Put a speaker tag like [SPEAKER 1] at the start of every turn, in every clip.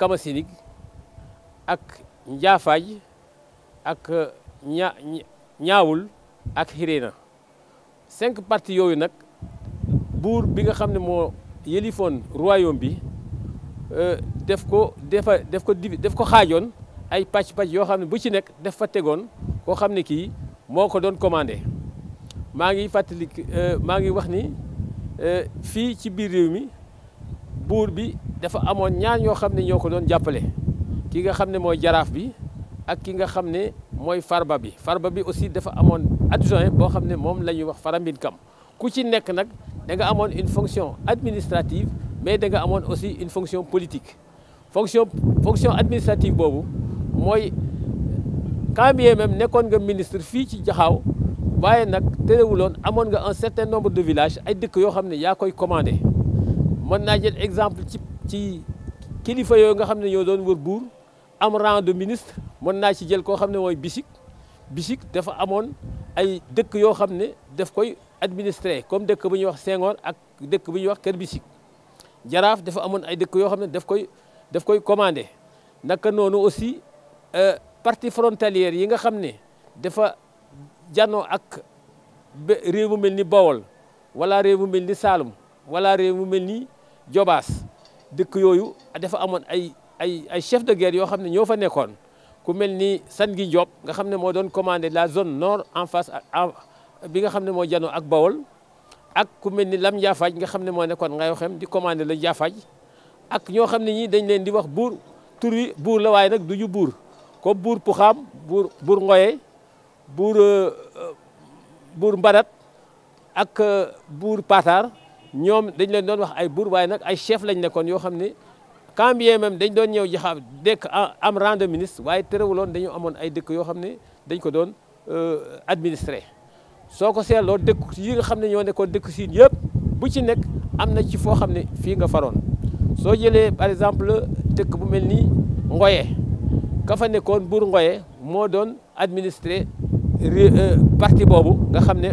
[SPEAKER 1] Kamasinig ak Njaafaaj ak ñaawul ak Hiréna cinq parties yooyu nag buur bi nga xam ne moo yëlifoon royaume bi euh, def ko defa def ko divi ko xaajoon ay pàcc-pàcc yoo xam ne bu ci nekk def fa tegoon koo xam ne kii moo ko doon commandé maa ngi fàttali euh, maa ngi wax ni euh, fii ci biir réew mi buur bi dafa amoon ñaar ñoo xam ne ñoo ko doon jàppale ki nga xam ne mooy jaraaf bi ak ki nga xam ne mooy farba bi farba bi aussi dafa amoon adjoint boo xam ne moom la ñuy wax farambin kam ku ci nekk nag danga amoon une fonction administrative mais da nga amoon aussi une fonction politique fonction fonction administrative boobu mooy quand bien même nekkoon nga ministre fii ci Jaxaaw waaye nag terewuloon amoon nga un certain nombre de village ay dëkk yoo xam ne yaa koy commandé mën naa jël exemple ci ci kilifa yooyu nga xam ne ñoo doon wër buur am rang de ministre mën naa ci jël koo xam ne mooy bisik bisik dafa amoon ay dëkk yoo xam ne daf koy administré comme dëkk bu ñuy wax Senghor ak dëkk bu ñuy wax Kër Bisik jaraaf dafa amoon ay dëkk yoo xam ne daf koy daf koy commandé naka noonu aussi euh, partie frontalière yi nga xam ne dafa janoo ak réew mu mel ni Bawol wala réew mu mel ni Saalum wala réew mu mel ni Jobaas dëkk yooyu dafa amoon ay ay ay chef de guerre yoo xam ne ñoo fa nekkoon ku mel ni san gi Diop nga xam ne moo doon commandé la zone nord en face bi nga xam ne moo janoo ak Bawol ak ku mel ni Lam Jaafaaj nga xam ne moo nekkoon ngay waxem di commandé la Jaafaaj ak ñoo xam ne ñi dañ leen di wax buur tur wi buur la waaye nag du ñu buur ko buur Puxaam buur buur Ngoye buur euh, euh, buur Mbarat ak euh, buur Patar ñoom dañ leen doon wax ay buur waaye nag ay chef lañ nekkoon yoo xam ne quand bien dañ doon ñëw jaxaab dekk am rang de ministre waaye terewuloon dañu amoon ay dëkk yoo xam ne dañ ko doon euh, administré soo ko seetloo dëkk yi nga xam ne ñoo nekkoon dëkk siin yëpp bu ci nekk am na ci foo xam ne fii nga faroon soo jëlee par exemple dëkk bu mel ni Ngoye ka fa nekkoon buur Ngoye moo doon administré euh, parti boobu nga xam ne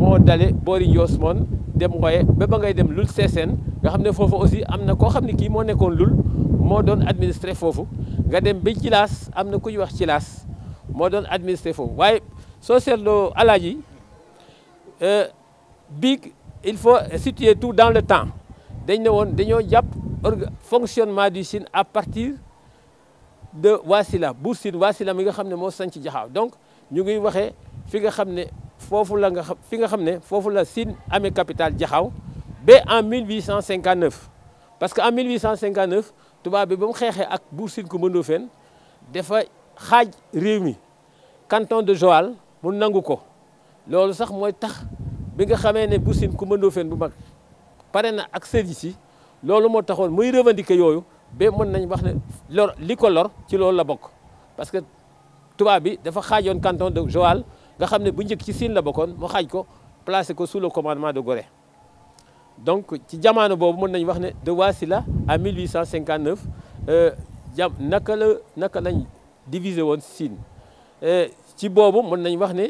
[SPEAKER 1] moo dale boori Ndiosmone dem Ngoye ba ba ngay dem Lul Sessène nga xam ne foofu aussi am na koo xam ne kii moo nekkoon Lul moo doon administré foofu nga dem ba Cilaas am na ku ñuy wax Cilaas moo doon administré foofu waaye soo seetloo alaaji euh, biig il faut situer tout dans le temps dañ ne woon dañoo jàpp fonctionnement du Sine à partir de Wasila Buur Sine Wasila mi nga xam ne moo sanc Jaxaaw donc ñu ngi waxee fi nga xam ne foofu la nga xam fi nga xam ne foofu la Sine amee capitale jaxaw ba en cent 1859 parce que en 1859 tubaab bi ba mu xeexee ak buur Sine Coumba Ndoffène dafa xaaj réew mi canton de Joal mu nangu ko loolu sax mooy tax bi nga xamee ne buur Sine Coumba Ndoffène bu mag pare na ak service yi loolu moo taxoon muy revendiquer yooyu ba mën nañ wax ne lor li ko lor ci loolu la bokk parce que tubaab bi dafa xaajoon canton de Joal nga xam ne bu njëkk ci siin la bokkoon mu xaaj ko placé ko sous le commandement de Gorée donc ci jamono boobu mën nañ wax ne de Wasila à 1859 euh, jam naka la naka lañ divisé woon Sine euh, ci boobu mën nañ wax ne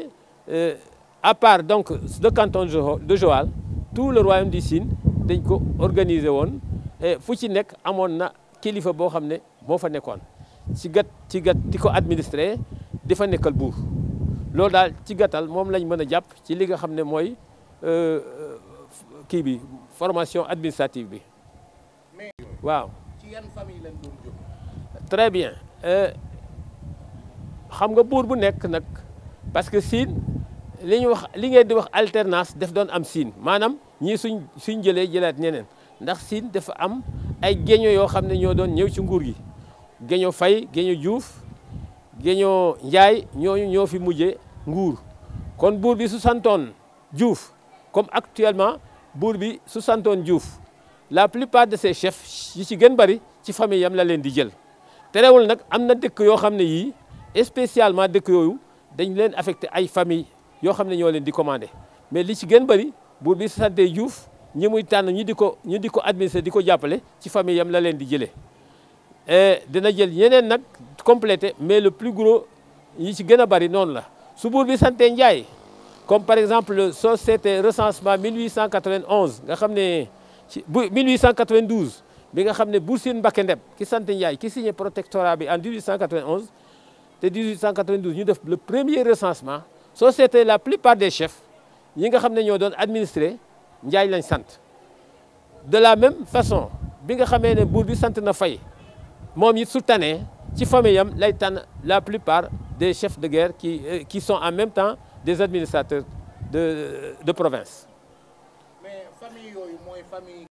[SPEAKER 1] euh, à part donc le canton de Joal tout le royaume du Sine dañ ko organisé woon fu ci nekk amoon na kilifa boo xam ne moo fa nekkoon ci gat ci gat di ko administré di fa nekkal buur loolu daal ci gattal moom lañ mën a jàpp ci li nga xam ne mooy euh, euh, kii bi formation administrative bi. waaw.
[SPEAKER 2] ci yan famille lañ
[SPEAKER 1] xam nga buur bu nekk nag parce que siin li ñu wax li ngeen di wax alternance daf doon am siin maanaam ñii suñ suñ jëlee jëlaat ñeneen ndax siin dafa am ay géño yoo xam ne ñoo doon ñëw ci nguur gi géño fay géño juuf géño Njaay ñooñu ñoo fi mujjee nguur kon buur bi su santoon Diouf comme actuellement buur bi su santoon Diouf la plus plupart de ses chefs yi ci gën bari ci famille yam la leen di jël terewul nag am na dëkk yoo xam ne yii spécialement dëkk yooyu dañ leen affecté ay famille yoo xam ne ñoo leen di commandé mais li ci gën bari buur bi su santee Diouf ñi muy tànn ñu di ko ñu di ko administré di ko jàppale ci famille yam la leen di jëlee dina jël yeneen nag complété mais le plus gros yi ci gën a bari noonu la su buur bi sante Njaay comme par exemple soo seetee recensement 1891 nga xam ne ci 1892 bi nga xam ne Buur Sine Mbacké Ndeb ki sant Ndiaye ki signé protectorat bi en 1891 te 1892 ñu def le premier recensement soo seetee la plupart des chefs ñi nga xam ne ñoo doon administré Ndiaye lañ sant. de la même façon bi nga xamee ne buur bi sant na fay moom it su tane ci famille am lay tànn la plupart des chefs de guerre qui euh, qui sont en même temps des administrateurs de de province.
[SPEAKER 2] mais famille yooyu mooy famille.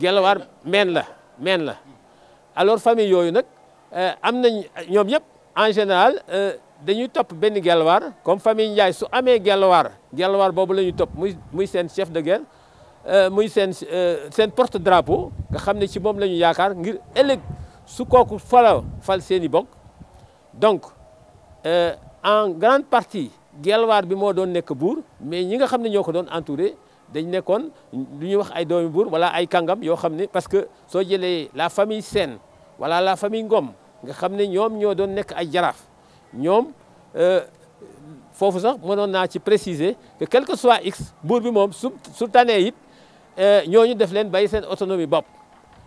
[SPEAKER 1] Gelawaar meen la meen la alors famille yooyu nag euh, am nañ ñoom yëpp en général euh, dañuy topp benn Gelawaar comme famille Ndiaye su amee Gelawaar Gelawaar boobu la ñuy topp muy muy seen chef de guerre. muy seen seen porte drapeau nga xam ne ci moom la ñu yaakaar ngir ëllëg su kooku fala fal seeni bokk donc euh, en grande partie gelwaar bi moo doon nekk buur mais ñi nga xam ne ñoo ko doon entouré dañ nekkoon lu ñu wax ay doomi buur wala ay kàngam yoo xam ne parce que soo jëlee la famille Sène wala la famille Ngom nga xam ne ñoom ñoo doon nekk ay jaraaf ñoom euh, foofu sax mënoon naa ci préciser que quel que soit x buur bi moom su sultané it euh, ñu def leen bay seen autonomie bopp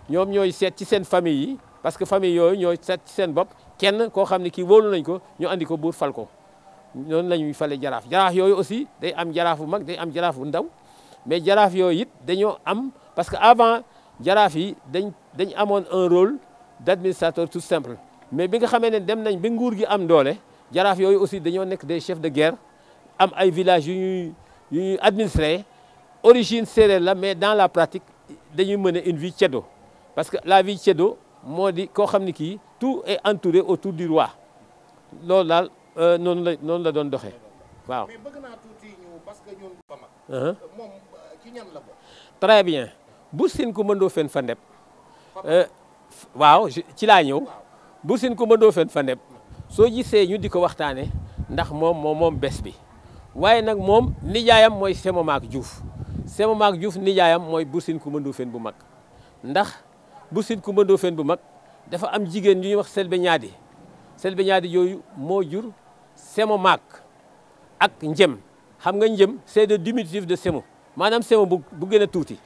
[SPEAKER 1] ñoom ñooy seet ci seen famille yi parce que famille yooyu ñooy set seen bopp kenn koo xam ne kii wóolu nañ ko ñu andi ko buur fal ko noonu la ñuy fale jaraaf jaraaf yooyu aussi day am jaraaf bu mag day am jaraaf bu ndaw mais jaraaf yooyu it dañoo am parce que avant jaraaf yi dañ dañ amoon un rôle d'administrateur tout simple mais bi nga xamee ne dem nañ bi nguur gi am doole jaraaf yooyu aussi dañoo nekk des chef de guerre am ay villages yu ñuy yu ñuy administré origine séeréer la mais dans la pratique dañuy mener une vie ceddo parce que la vie moo di koo xam ni kii tout est entouré autour du roi loolu daal euh, noonu la noonu la doon doxe waaw. mais
[SPEAKER 2] bëgg naa tuuti ñu parce que ñun ba mag. moom euh, ci ñan la bokk.
[SPEAKER 1] très bien Buur euh, waaw ci laa ñëw. Buur Sine Coumba Ndoffène Fandeb soo gisee ñu di ko waxtaanee ndax moom moom moom bés bi waaye nag moom nijaayam mooy Semo Maak Diouf Semo Maak Diouf nijaayam mooy Buur Sine mëndoo Ndoffène bu mag ndax. bu Sine Coumba Ndofféne bu mag dafa am jigéen ñu ñuy wax Selbé Niadi Selbé Niadi yooyu moo jur Semo Maak ak Njem xam nga Njem c'est de diminutif de Semo maanaam Semo bu bu gën a tuuti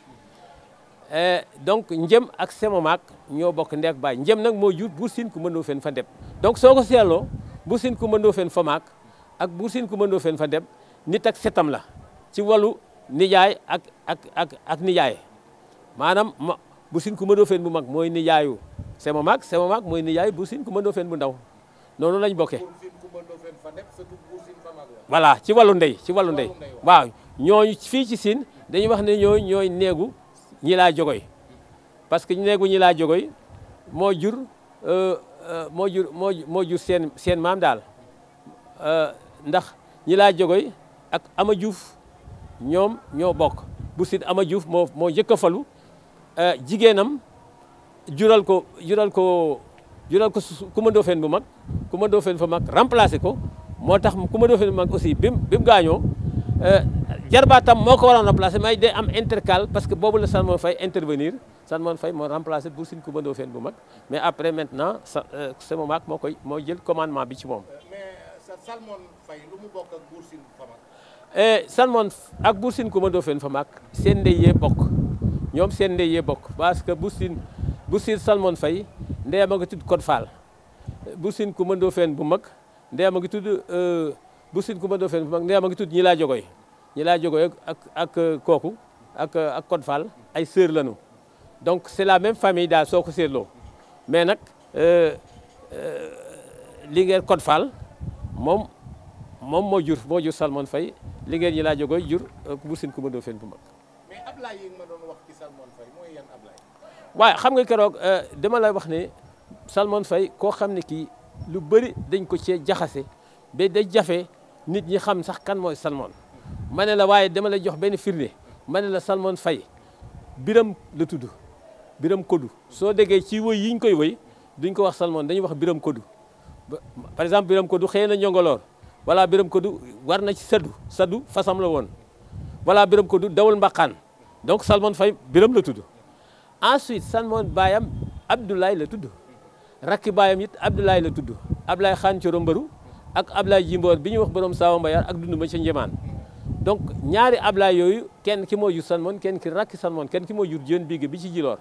[SPEAKER 1] eh, donc Njem ak Semo Maak ñoo bokk ndeek baay Njem nag moo jur Buur Sine Coumba Ndofféne fa ndeb donc soo ko seetloo Buur Sine Coumba Ndofféne fa maak ak Buur Sine Coumba Ndofféne fa ndeb nit ak setam la ci wàllu nijaay ak ak ak ak nijaay maanaam bu sin ku mëndoo feen bu mag mooy nijaayu sama mag sama mag mooy nijaayu bu sin ku mëndoo feen bu ndaw noonu lañ bokkee voilà ci wàllu ndey ci wàllu ndey waaw ñooñu fii ci siin dañuy wax ne ñooy ñooy neegu ñi laa jogoy parce que neegu ñi laa jogoy moo jur euh, euh, moo moo moo jur seen seen maam daal euh, ndax ñi laa jogoy ak ama juuf ñoom ñoo bokk bu sin ama juuf moo moo njëkk falu Euh, jigéenam jural ko jural ko jural ko Coumba Ndoffène bu mag Coumba Ndoffène fa mag remplacé ko moo tax Coumba Ndoffène bu mag aussi bi mu bi mu gaañoo euh, jarbaatam moo ko waroon remplacé may day am intercal parce que boobu la Salmon Faye intervenir Salmon Faye moo remplacé Boursine Coumba Ndoffène bu mag mais après maintenant sa euh, sama mag moo koy moo jël commandement bi ci moom.
[SPEAKER 2] mais Salmon Faye lu ak Boursine fa
[SPEAKER 1] mag. Salmon ak Boursine Coumba fa mag seen ndey yee bokk. ñoom seen ndey yee bokk parce que bu sin bu sin Salmon Faye ndeyam a ngi tudd Code Fall bu sin ku mëndoo feen bu mag ndeyam a ngi tudd euh, bu sin ku mëndoo feen bu mag ndeyam a ngi tudd ñi laa jogoy ñi laa jogoy ak ak euh, kooku ak euh, ak Code Fall ay sœur lañu donc c'est la même famille daal soo ko seetloo mais nag li ngeen Code Fall moom moom moo jur moo jur Salmon Faye li ngeen ñi laa jogoy jur bu sin ku mëndoo feen bu mag waaye xam nga keroog euh, dama lay wax ne Salmon Faye koo xam ne kii lu bëri dañ ko cee jaxase ba day jafe nit ñi xam sax kan mooy Salmon ma ne la waaye dama lay jox benn firnde ma ne la Salmon Faye biram la tudd biram kodu soo déggee ci woy yi koy woy duñ ko wax Salmon dañuy wax biram kodu par exemple biram kodu xëy na ñongoloor wala biram kodu war na ci saddu saddu fasam la woon wala biram kodu dawul mbaqaan donc Salmon fay biram la tudd ensuite san moon baayam Abdoulaye la tudd rakki baayam it Abdoulaye la tudd Abdoulaye Xaan Coro Mbaru ak Abdoulaye Jimboor bi ñuy wax borom Saawa Mbayar ak dund ma ca donc ñaari Abdoulaye yooyu kenn ki moo jur san moon kenn ki rakki san moon kenn ki moo jur jën biige bi ci jiloor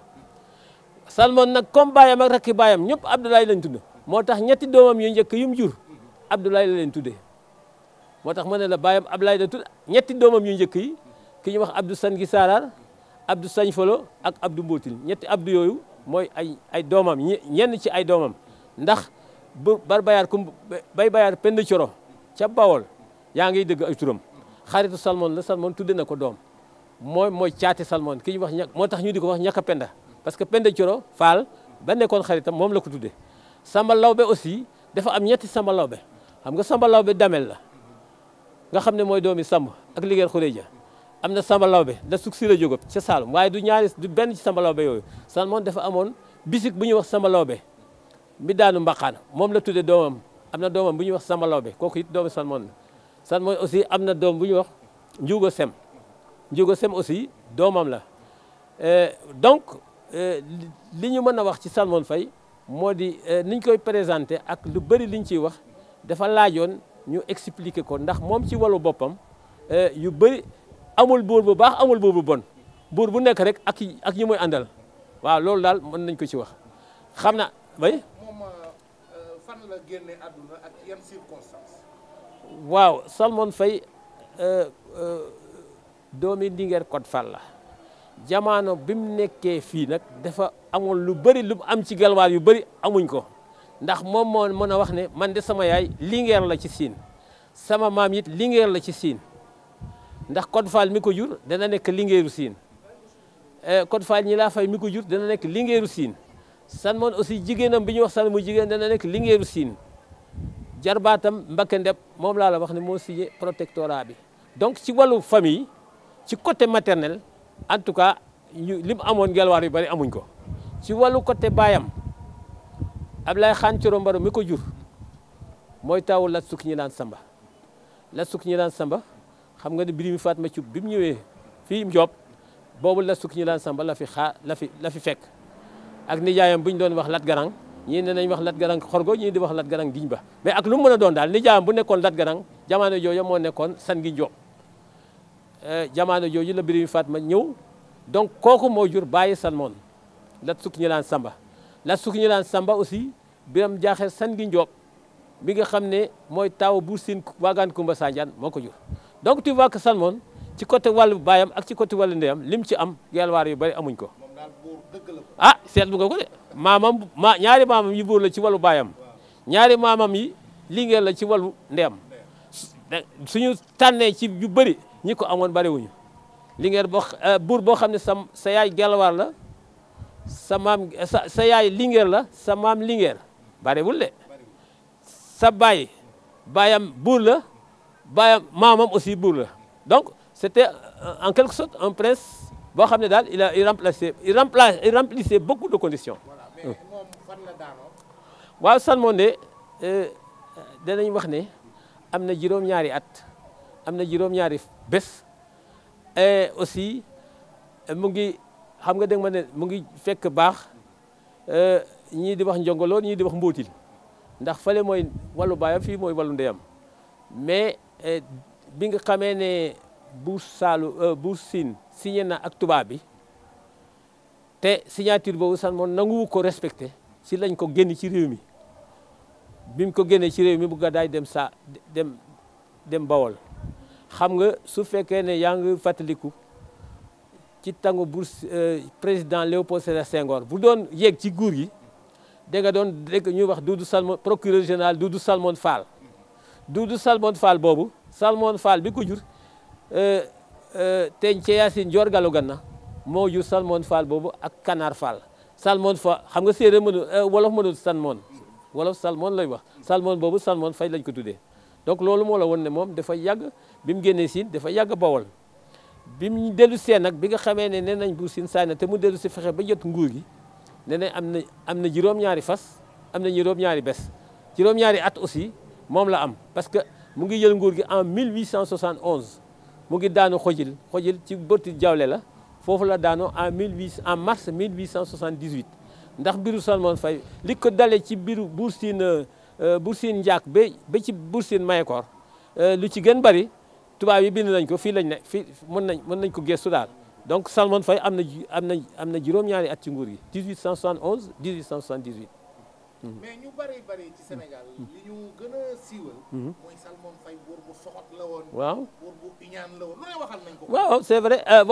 [SPEAKER 1] san moon nag comme baayam ak rakki baayam ñëpp Abdoulaye lañ tudd moo tax ñetti doomam yu njëkk yu mu jur Abdoulaye la leen tuddee moo tax ma ne la baayam Abdoulaye la tudd ñetti doomam yu njëkk yi ki ñuy wax Abdou San gi Saaraar Abdou Sañ Folo ak Abdou Mbootil ñetti Abdou yooyu mooy ay ay doomam ñenn ci ay doomam ndax bu bar bayaar kum bay bayaar pend coro ca Bawol yaa ngi dëgg ay turam xaritu Salmon la Salmon tudde na ko doom mooy mooy caati Salmon ki ñu wax ña moo tax ñu di ko wax ñàkk a penda parce que penda coro faal ba nekkoon xaritam moom la ko tudde Samba Lawbe aussi dafa am ñetti Samba Lawbe xam nga Samba Lawbe damel la nga xam ne mooy doomi Samb ak liggéey xuréja am na Samba Lawbe da sug si la jógob ca Saalum waaye du ñaari du benn ci Samba Lawbe yooyu san moom dafa amoon bisik bu ñu wax Samba Lawbe mi daanu mbaqaan moom la tuddee doomam am na doomam bu ñuy wax Samba Lawbe it doomu san moon san moon aussi am na doom bu ñuy wax Njuugo Sem Njuugo Sem aussi doomam la euh, donc euh, li ñu mën a wax ci Salmon fay moo di euh, niñ koy présenté ak lu bëri liñ ciy wax dafa laajoon ñu expliquer ko ndax moom ci wallu boppam yu bëri amul buur bu baax amul buur bu bon buur bu nekk rek ak ak ñi muy àndal waaw loolu daal mën nañ ko ci wax xam na bay
[SPEAKER 2] moom euh, fan la génne àdduna ak yan circonstances
[SPEAKER 1] waaw Salmon Faye euh, euh, doomi Ndinguer Code Fall la jamono bi mu nekkee fii nag dafa amul lu bëri lu am ci galwaar yu bari amuñ ko ndax moom moo mën a wax ne man de sama yaay Linguère la ci siin sama maam yit Linguère la ci siin ndax code faal mi ko jur dana nekk lingeeru siin eh, code faal ñi laa fay mi ko jur dana nekk lingeeru siin san moon aussi jigéenam bi ñuy wax san mu jigéen dana nekk lingeeru siin jarbaatam mbakke ndeb moom laa la wax ne moo si protectorat bi donc ci wàllu famille ci côté maternel en tout cas ñu li mu amoon gelwaar yu bari amuñ ko ci wàllu côté baayam Ablaye Xaan Coro Mbaro mi ko jur mooy taawu Lat Sukk ñi naan Samba Lat Sukk ñi naan Samba xam nga ne faat ma Thioub bi mu ñëwee fii Ndiob boobu la sukk ñi laan samba la fi xaa la fi la fi fekk ak nijaayam bu ñu doon wax lat garang ñii ne nañ wax lat garang xorgo ñii di wax lat garang giñ ba mais ak lu mu mën a doon daal nijaayam bu nekkoon lat garang jamono jooju moo nekkoon san gi Ndiob euh, jamono jooju la Birima Fatma ñëw donc kooku moo jur bàyyi salmoon lat sukk ñi laan samba lat sukk ñi laan samba aussi biram jaaxee san gi Ndiob bi nga xam ne mooy taaw buur siin waagaan Kumba Sanjaan moo ko jur donc ti vois que Salmon ci côté wàllu baayam ak ci côté wàllu ndeyam lim ci am yelwaar yu bari amuñ ko ah seetlu nga ko de maamam ñaari maamam yi buur la ci wàllu baayam ñaari maamam yi lingéer la ci wàllu ndeyam suñu tànnee ci yu bëri ñi ko amoon bariwuñu lingéer boo euh, buur boo xam ne sa sa yaay gelwaar la sa maam sa yaay lingéer la sa maam lingéer bariwul de sa baay baayam buur la baayam maamam aussi buur la donc c' était euh, en quelque sorte un prince boo xam ne daal il a il remplacé il remplacé il remplissait beaucoup de conditions.
[SPEAKER 2] fan la daanoo.
[SPEAKER 1] waaw Salmon de euh, danañ wax ne am na juróom-ñaari at am na juróom-ñaari bés et aussi euh, mu ngi xam nga dégg ma ne mu ngi fekk baax ñii di wax njongoloon ñii di wax mbóotil ndax fale mooy wallu baayam fii mooy wallu ndeyam mais. Eh, bi nga xamee ne Buur Saalum euh, Buur Siin signé na ak tubaab bi te signature boobu sax moom nanguwu ko respecté si lañ ko génn ci réew mi bi mu ko génnee ci réew mi bu gàddaay dem sa dem dem Bawol xam nga su fekkee ne yaa ngi fàttaliku ci tangu Buur euh, président Léopold Sédar sengoor bu doon yéeg ci guur gi da nga doon dégg ñuy wax Doudou Salmon procureur général Doudou Salmon Fall Doudou Salmon Fall boobu Salmon Fall bi ko jur euh, euh, teñ Ceyasin Joor Galo Ganna moo jur Salmon Fall boobu ak Kanaar Fall Salmon fa xam nga séeréer mënu euh, wolof mënul Salmon wolof Salmon lay wax Salmon boobu Salmon Fay lañ ko tuddee donc loolu moo la woon ne moom dafa yàgg bi mu génnee siin dafa yàgg Bawol bi mu dellu see nag bi nga xamee ne nee nañ buur siin saay na te mu dellu si fexe ba jot nguur gi nee am na am na juróom-ñaari fas am na juróom-ñaari bés juróom at aussi moom la am parce que mu ngi jël nguur gi en 1871 mu ngi daanu xojil xojil ci bëtti jawle la foofu la daanoo en 18 en mars 1878 ndax mbiru Salmon fay li ko dale ci biru Buur Siin euh, Buur Siin Njaak ba ba ci Buur Siin Mayekoor euh, lu ci gën bari tubaab yi bind nañ ko fii lañ ne fii mën nañ mën nañ ko gëstu daal donc Salmon Faye am na am na am na juróom-ñaari at ci nguur gi 1871 1878 Mm-hmm.
[SPEAKER 2] mais ñu bari bari ci Sénégal. Mm-hmm. li ñu gën a siiwal. Mm-hmm. mooy Salmon Faye buur bu waaw c'est
[SPEAKER 1] euh,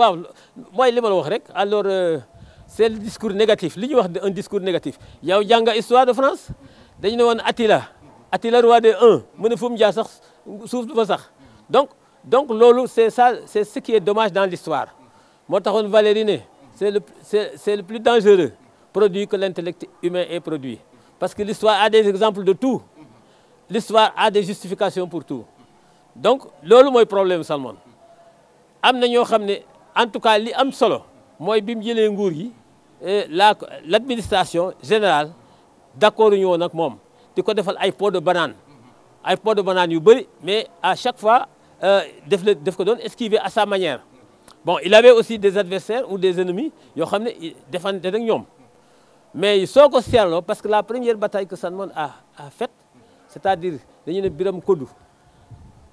[SPEAKER 1] mooy li ma la wax rek alors euh, c'est le discours négatif li ñuy wax un discours négatif yow jànga histoire de France dañu ne woon Attila Attila roi des Huns mu ne fu mu jaar sax suuf du fa sax donc donc loolu c'est ça c'est ce qui est dommage moo taxoon Valérie ne c'est le c'est c'est le plus dangereux produit que l'intellect humain ait produit Parce que l'histoire a des exemples de tout. L'histoire a des justifications pour tout. Donc, loolu mooy problème Salmon am na ñoo xam ne en tout cas li am solo mooy bi mu jëlee nguur gi eh, la l'administration général d'accord ñu woon ak moom di ko defal ay pot de banane ay pot de banane yu bëri mais à chaque fois euh, def la def ko doon esquiver à sa manière bon il avait aussi des adversaires ou des ennemis yoo xam ne defante ak ñoom mais soo ko seetloo parce que la première bataille que Salmon a a faite c'est-à-dire dañu ne Biram Kodou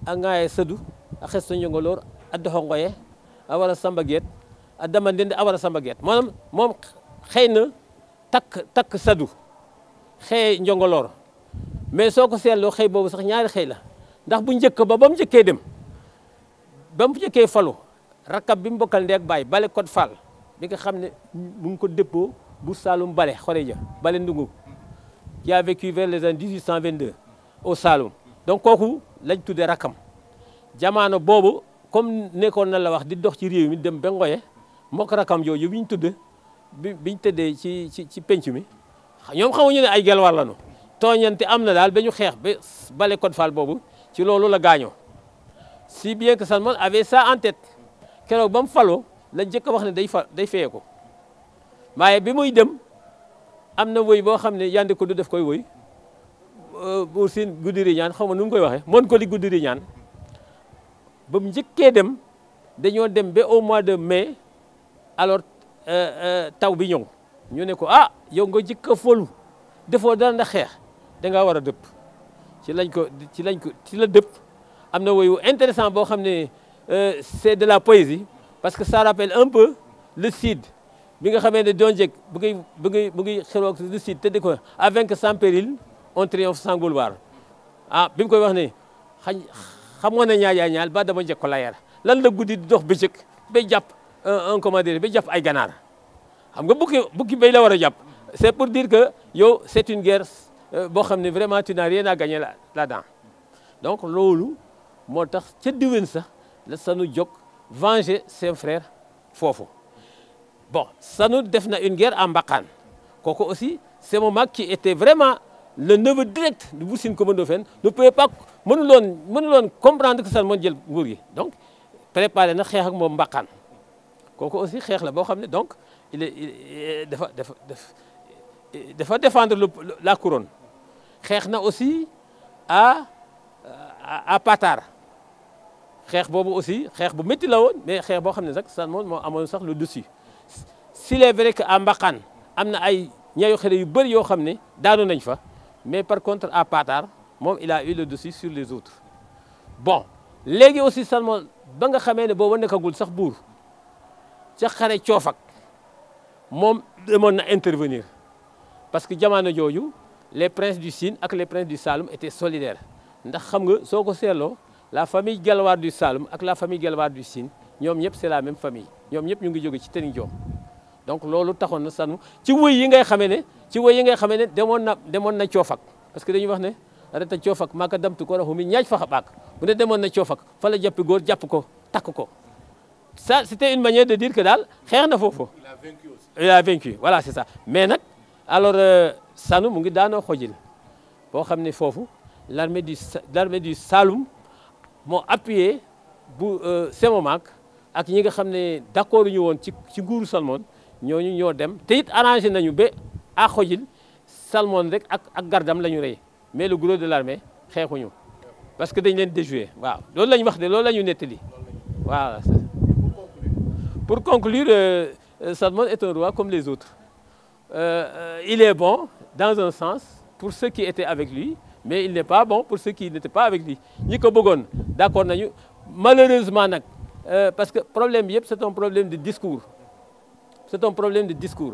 [SPEAKER 1] a Ngaye Sadou a Xesto Njongoloor a Doxo a war a a Dama Ndende a a Samba Gueye moom xëy na takk takk Sadou xëy Njongoloor mais soo ko seetloo xëy boobu sax ñaari xëy la ndax bu njëkk ba ba mu njëkkee dem ba mu njëkkee falu rakab bi mu bokkal ndeeg baay bale code fall bi nga xam ne mu ko dëppoo Bour-Saloum Balé Khoreja Balé Ndungu qui a vécu vers les années 1822 au Saloum don kooku lañ tuddee rakam jamono boobu comme nekkoon na la wax di dox ci réew mi dem ba Ngoye mook rakam yooyu bi ñu tudd bi biñ tëddee ci ci ci penc mi ñoom xamuñu ne ay gelwaar lañu tooñante am na daal ba ñu xeex ba Balé Code Fall boobu ci loolu la gaañoo si bien que Salman avait ça sa tête keroog ba mu faloo la njëkk wax ne day fa day feye ko waaye bi muy dem am na woy boo xam ne yandi ko def koy woy euh, buur siin guddiri ñaan xaw ma nu mu koy waxee moon ko li guddiri ñaan ba mu njëkkee dem dañoo dem ba au mois de mais alors euh, euh, taw bi ñëw ñu ne ko ah yow nga njëkk a folu defoo dara ndax xeex danga ngaa war a dëpp ci lañ ko ci lañ ko ci la dëpp am na woy woyu intéressant boo xam ne c'est de la poésie parce que ça rappelle un peu le Cid bi nga xamee ne Donjek bu ngi bu ngi bu ngi xeroog du sud te di ko à vaincre sans péril on triomphe sans gloire ah bi mu koy wax ne xañ xamoon na ñaajaay ñaal ba dama njëkk ko layar lan la guddi di dox bëccëg bay jàpp un commander bay jàpp ay ganaar xam nga bukki bukki bay la war a jàpp c'est pour dire que yow c'est une guerre euh, boo xam ne vraiment tu n'as rien à gagner là-dedans donc loolu moo tax ca diwén sax la sanu jóg venger ses frères foofu bon Sanoud def na une guerre à Mbakane kooku aussi c'est mon mag qui était vraiment le neveu direct de Bour Sine Coumba Ndoffène ne pouvait pas mënuloon mënuloon comprendre que Sanoud moo jël nguur donc préparé na xeex ak moom Mbakane kooku aussi xeex la boo xam ne donc il dafa dafa dafa défendre la couronne xeex na aussi à à Patar xeex boobu aussi xeex bu metti la woon mais xeex boo xam ne sax Sanoud moo amoon sax le dessus s'il est vrai que à Mbaxaan am na ay ñay xale yu bëri yoo xam ne daanu nañ fa mais par contre à Patar moom il a eu le dessus sur les autres bon léegi aussi Salmon ba nga xamee ne booba nekkagul sax buur ca xare coofak moom demoon na intervenir parce que jamono jooju les princes du Sine ak les princes du Saloum étaient solidaires ndax xam nga soo ko seetloo la famille Gelwaar du Saloum ak la famille Gelwaar du Sine ñoom ñëpp c'est la même famille ñoom ñëpp ñu ngi jóge ci Tening Joom donc loolu taxoon na sanu ci wëy yi ngay xamee ne ci wëy yi ngay xamee ne demoon na demoon na coofak parce que dañuy wax ne arrêté coofak maaka damtu ko a mi ñaaj faxa baak bu ne demoon na coofak fa la jàppi góor jàpp ko takk ko ça c'était une manière de daal xeex na foofu il a vaincu voilà c'est ça mais nag alors euh, sanu mu ngi daanoo xojil boo xam ne foofu l'armée du l'armée du Saloum moo appuyé bu euh, Semomak ak ñi nga xam ne d'accord ñu woon ci ci nguuru Salmon ñooñu ñoo dem te it arrangé nañu ba àqojil salmon rek ak ak gardam la ñu rey mais le gros de l'armée xeexuñu parce que dañ leen déjoué waaw loolu la ñu wax de loolu la ñu nettali pour conclure euh, euh, Salmon est un roi comme les autres euh, il est bon dans un sens pour ceux qui étaient avec lui mais il n'est pas bon pour ceux qui n'étaient pas avec lui ñi ko bëggoon d'accord nañu malheureusement nag parce que problème bi yëpp c'est un problème de discours c'est un problème de discours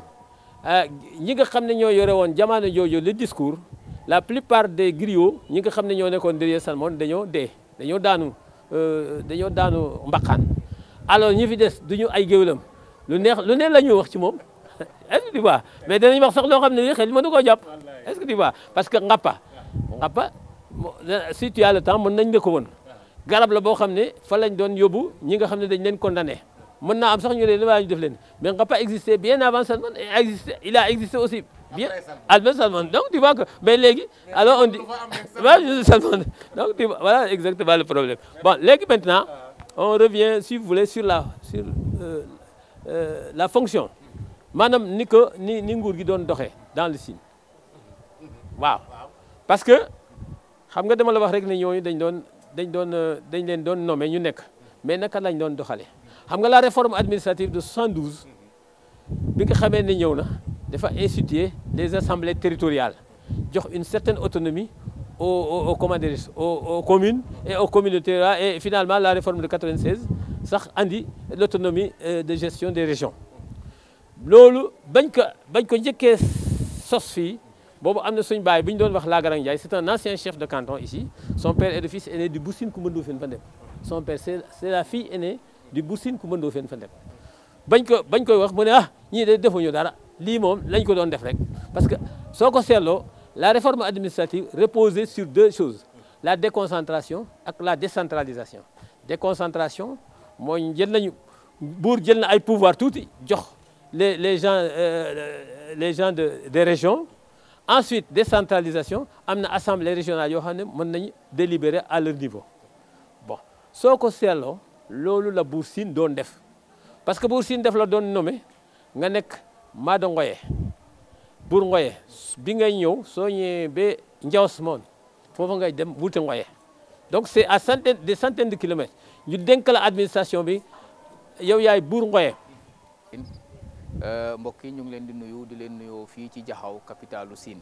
[SPEAKER 1] euh, ñi nga xam ne ñoo yore woon jamono joojoo le discours la plupart des griots ñi nga xam ne ñoo nekkoon derrière Salmon dañoo dee dañoo daanu euh, dañoo daanu mbaqaan alors ñi fi des duñu ay géwélam lu neex lu ne la ñuy wax ci moom est que tu vois mais danañ wax sax loo xam ne lii xel mënu koo jàpp est-ce que tu vois parce que ngappa ngappa si tu as le temps mën nañ la ko woon garab la boo xam ne fa lañ doon yóbbu ñi nga xam ne dañ leen condamné mën naa am sax ñu ne li waa ñu def leen mais Nkapa existait bien avant Salman existé il a existé aussi bien après Salman donc tu vois que mais alo alors on dit waaw Salman donc tu exactement le problème bon léegi maintenant ah. on revient si vous sur la sur euh, euh, fonction maanaam ni ko ni ni nguur gi doon doxee dans le Sine waaw parce que xam nga dama la wax rek ne ñooñu dañ doon dañ doon euh, dañ leen doon nommé ñu nekk mais naka lañ doon doxalee xam nga la réforme administrative de 72 bi nga xamee ne ñëw na dafa instituer des assemblées territoriales jox une certaine autonomie aux aux comment dire aux aux et aux communautés et finalement la réforme de 96 sax andi l'autonomie euh, de gestion des régions loolu bañ ko bañ ko njëkkee sos fii boobu am na suñ baay bi ñu doon wax Lagarang Ndiaye c'est un ancien chef de canton ici son père et le fils aîné du Boussine Koumba Ndoffène Fandène son père c'est la fille aînée di Buur ku mëndoo fen fandem bañ ko bañ koy wax mu ne ah ñii de defuñu dara lii moom lañ ko doon def rek parce que soo ko seetloo la réforme administrative reposait sur deux choses la déconcentration ak la décentralisation déconcentration mooy jël nañu buur jël na ay pouvoir tuuti jox les les gens euh, euh, les gens de des régions ensuite décentralisation am na assemblée régionale yoo xam ne mën nañu délibérer à leur niveau bon soo ko seetloo loolu la Buur Sine doon def parce que Buur Sine def la doon nommé nga nekk Maada Ngoye Buur Ngoye bi ngay ñëw soo ñëwee ba Njaos moon foofu ngay dem wuute Ngoye donc c' est à centaine des centaines de kilomètres ñu dénk la administration bi yow yaay Buur Ngoye
[SPEAKER 3] euh, mbokk yi ñu ngi leen di nuyu di leen nuyoo fii ci Jaxaw capitalu Sine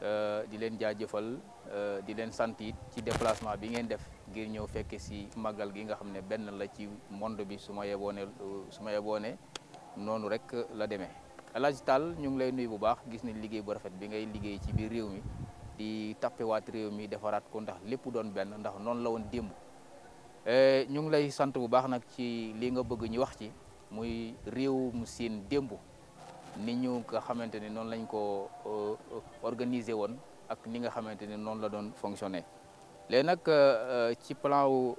[SPEAKER 3] Euh, di leen jaajëfal euh, di leen sant it ci déplacement bi ngeen def ngir ñëw fekke si màggal gi nga xam ne benn la ci monde bi su ma yeboone euh, su ma yeboone noonu rek la demee El Hadj ñu ngi lay nuyu bu baax gis nañ liggéey bu rafet bi ngay liggéey ci biir réew mi di tappewaat réew mi defaraat ko ndax lépp doon benn ndax noonu la woon démb ñu ngi lay sant bu baax nag ci li nga bëgg ñu wax ci muy réew mu siin démb ni ñu nga xamante ni noonu lañ ko euh, euh, organiser woon ak ni nga xamante ni noonu la doon fonctionner léegi nag euh, ci plan wu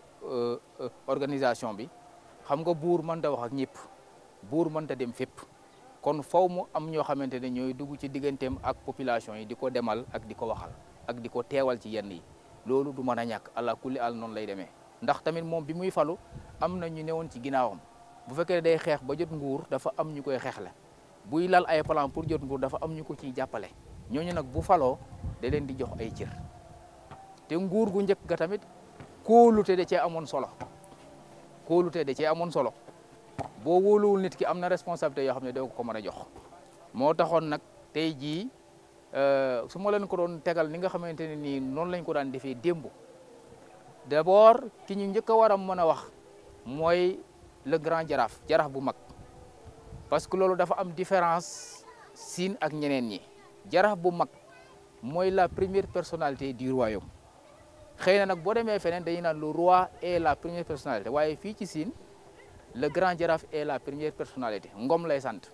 [SPEAKER 3] organisation bi xam nga buur mënta wax ak ñëpp buur mënta dem fépp kon faw mu am ñoo xamante ne ñooy dugg ci digganteem ak population yi di ko demal ak di ko waxal ak di ko teewal ci yenn yi loolu du mën a ñàkk ala al noonu lay demee ndax tamit moom bi muy falu am na ñu ne woon ci ginnaawam bu fekkee day xeex ba jot nguur dafa am ñu koy xeexle buy lal ay plan pour jot nguur dafa am ñu ko ciy jàppale ñooñu nag bu falo da leen di jox ay cër te nguur gu njëkk ga tamit kóolute da cee amoon solo kóolute da cee amoon solo boo wóoluwul nit ki am na responsabilité yoo xam ne doo ko ko mën a jox moo taxoon nag tey jii euh, su ma leen ko doon tegal ni nga xamante ne nii noonu lañ ko daan defee démb d'abord ki ñu njëkk a war a mën a wax mooy le grand jaraaf jaraaf bu mag parce que loolu dafa am différence Sine ak ñeneen ñi jaraaf bu mag mooy la première personnalité du royaume xëy na nag boo demee feneen dañuy naan le roi est la première personnalité waaye fii ci Sine le grand jaraaf et la première personnalité Ngom lay sant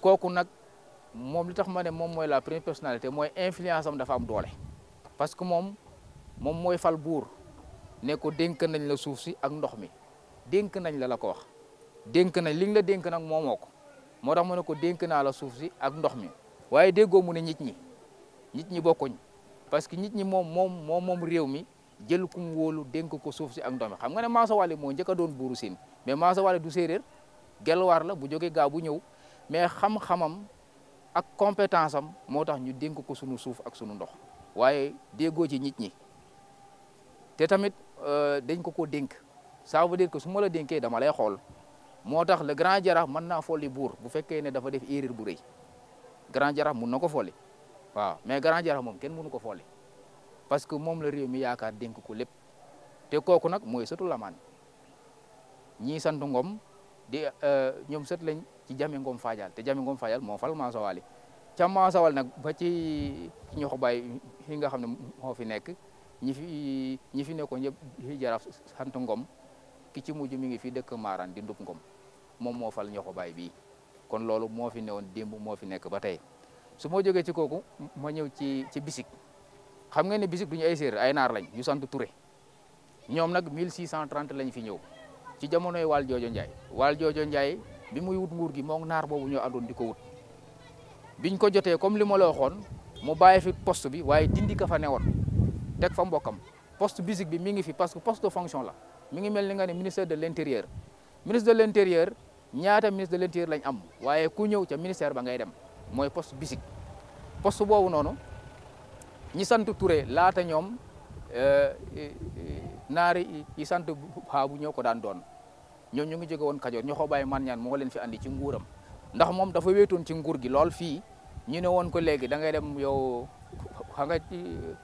[SPEAKER 3] kooku nag moom li tax ma ne moom mooy la première personalité mooy influence am dafa am doole parce que moom moom mooy fal buur ne ko dénk nañ la suuf si ak ndox mi dénk nañ la la ko wax dénk nañ li nga dénk nag moomoo ko moo tax ma ne ko dénk naa la suuf si ak ndox mi waaye déggoo mu ne nit ñi nit ñi bokkuñ parce que nit ñi moom moom moom moom réew mi jël kum wóolu dénk ko suuf si ak ndox mi xam nga ne Mansa Wally moo njëkk doon buuru Siin mais Mansa Wally du séeréer gelwaar la bu jógee gaaw bu ñëw mais xam-xamam ak compétence am moo tax ñu dénk ko sunu suuf ak sunu ndox waaye déggoo ci nit ñi te tamit euh, dañ ko ko dénk ça veut dire que su ma la dénkee dama lay xool moo tax le grand jaraaf mën naa folli buur bu fekkee ne dafa def erreur bu rëy grand jaraaf mun na ko folli waaw mais grand jaraaf moom kenn mënu ko folli parce que moom la réew mi yaakaar dénk ko lépp te kooku nag mooy sëtu lamaan ñii sant Ngom di euh, ñoom sët lañ ci Jami Ngom Fadial te Jami Ngom Fadial moo fal Mansawaali ca Mansawal nag ba ci ñoo ko bàyyi fi nga xam ne moo fi nekk ñi fi ñi fi nekkoon ñëpp fi jaraaf sant Ngom ki ci mujj mi ngi fi dëkk Maaraan di Ndub Ngom. moom moo fal ñoxo baay bii kon loolu moo fi newoon démb moo fi nekk ba tey su moo jógee ci kooku ma ñëw ci ci bisik xam nga ne bisik du ñu ay séeréer ay naar lañ yu sant Touré ñoom nag 1630 lañ fi ñëw ci jamonoy Waal Joojo Njaay Waal Joojo Njaay bi muy wut nguur gi moom naar boobu ñoo àndoon di ko wut biñ ko jotee comme li ma la waxoon mu bàyyi fi poste bi waaye dindi ka fa woon teg fa mbokkam poste bisik bi mi ngi fi parce que poste de fonction la mu ngi mel ni nga ne ministère de l'intérieur ministre de l' intérieur ñaata ministre de l' lañ am waaye ku ñëw ca ministère ba ngay dem mooy poste bisik poste boobu noonu ñi sant Touré laata ñoom euh, euh, naari yi sant xaabu ñoo ko daan doon ñoom ñu ngi jóge woon Kajoor ñoo ko bàyyi man ñaan moo leen fi andi ci nguuram ndax moom dafa wéetoon ci nguur gi lool fii ñu ne woon ko léegi da ngay dem yow xam nga ci euh,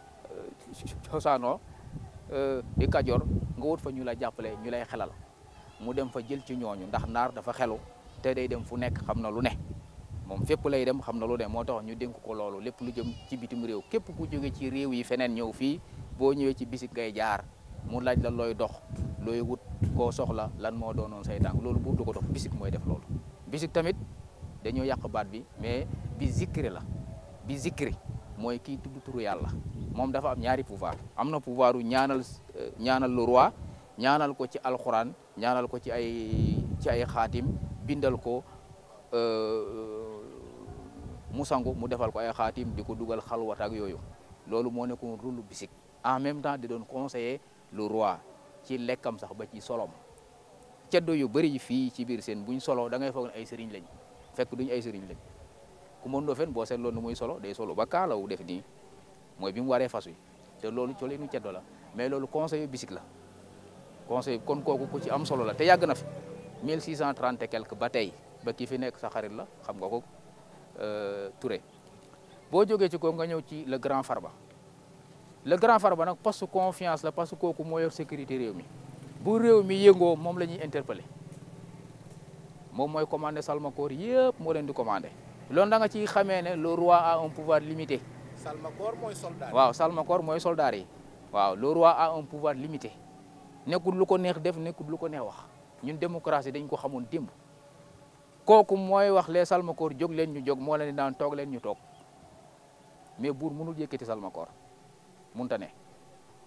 [SPEAKER 3] cosaanoo di Kajoor nga wut fa ñu la jàppale ñu lay xelal mu dem fa jël ci ñooñu ndax naar dafa xelu te day dem fu nekk xam na lu ne moom fépp lay dem xam na lu ne moo tax ñu dénk ko loolu lépp lu jëm ci bitim réew képp ku jóge ci réew yi feneen ñëw fii boo ñëwee ci bisik ngay jaar mu laaj la looy dox looy wut koo soxla lan moo doonoon say tànk loolu buur du ko dox bisik mooy def loolu bisik tamit dañoo yàq baat bi mais bi zikri la bi zikri mooy kii tudd yàlla moom dafa am ñaari pouvoir am na pouvoir ñaanal euh, ñaanal le ñaanal ko ci alxuraan ñaanal ko ci ay ci ay xaatim bindal ko euh, euh, mu sangu mu defal ko ay xaatim di ko dugal xalwat ak yooyu loolu moo nekkoon rôle bisik en même temps di doon conseiller lu roi ci lekkam sax ba ci solom ceddo yu bëri fii ci biir seen buñ solo da ngay foog ne ay sëriñ lañ fekk duñ ay sëriñ lañ ku mën doo fen boo seetloo nu muy solo day solo ba kaalawu def nii mooy bi mu waree fas wi te loolu cooleenu ceddo la mais loolu conseiller bisik la conseil kon kooku ku ci am solo la te yàgg na fi 1630 et quelque ba tey ba kii fi nekk sa xarit la xam nga ko euh, Touré boo jogee ci ko nga ñëw ci le grand Farba le grand Farba nag poste confiance la parce que kooku moo yor sécurité réew mi bu réew mi yëngoo moom la ñuy interpellé moom mooy commandé Salmacoor yëpp moo leen di commandé loolu da ci ciy xamee ne le roi a un pouvoir limité.
[SPEAKER 2] Salmacoor mooy soldat yi waaw
[SPEAKER 3] Salmacoor mooy soldat roi a un pouvoir limité. nekkul lu ko neex def nekkul lu ko neex wax ñun démocratie dañ ko xamoon dimb kooku mooy wax les salmakoor jóg leen ñu jóg moo leen di naan toog leen ñu toog mais buur mënul yëkkati salmakoor munta ne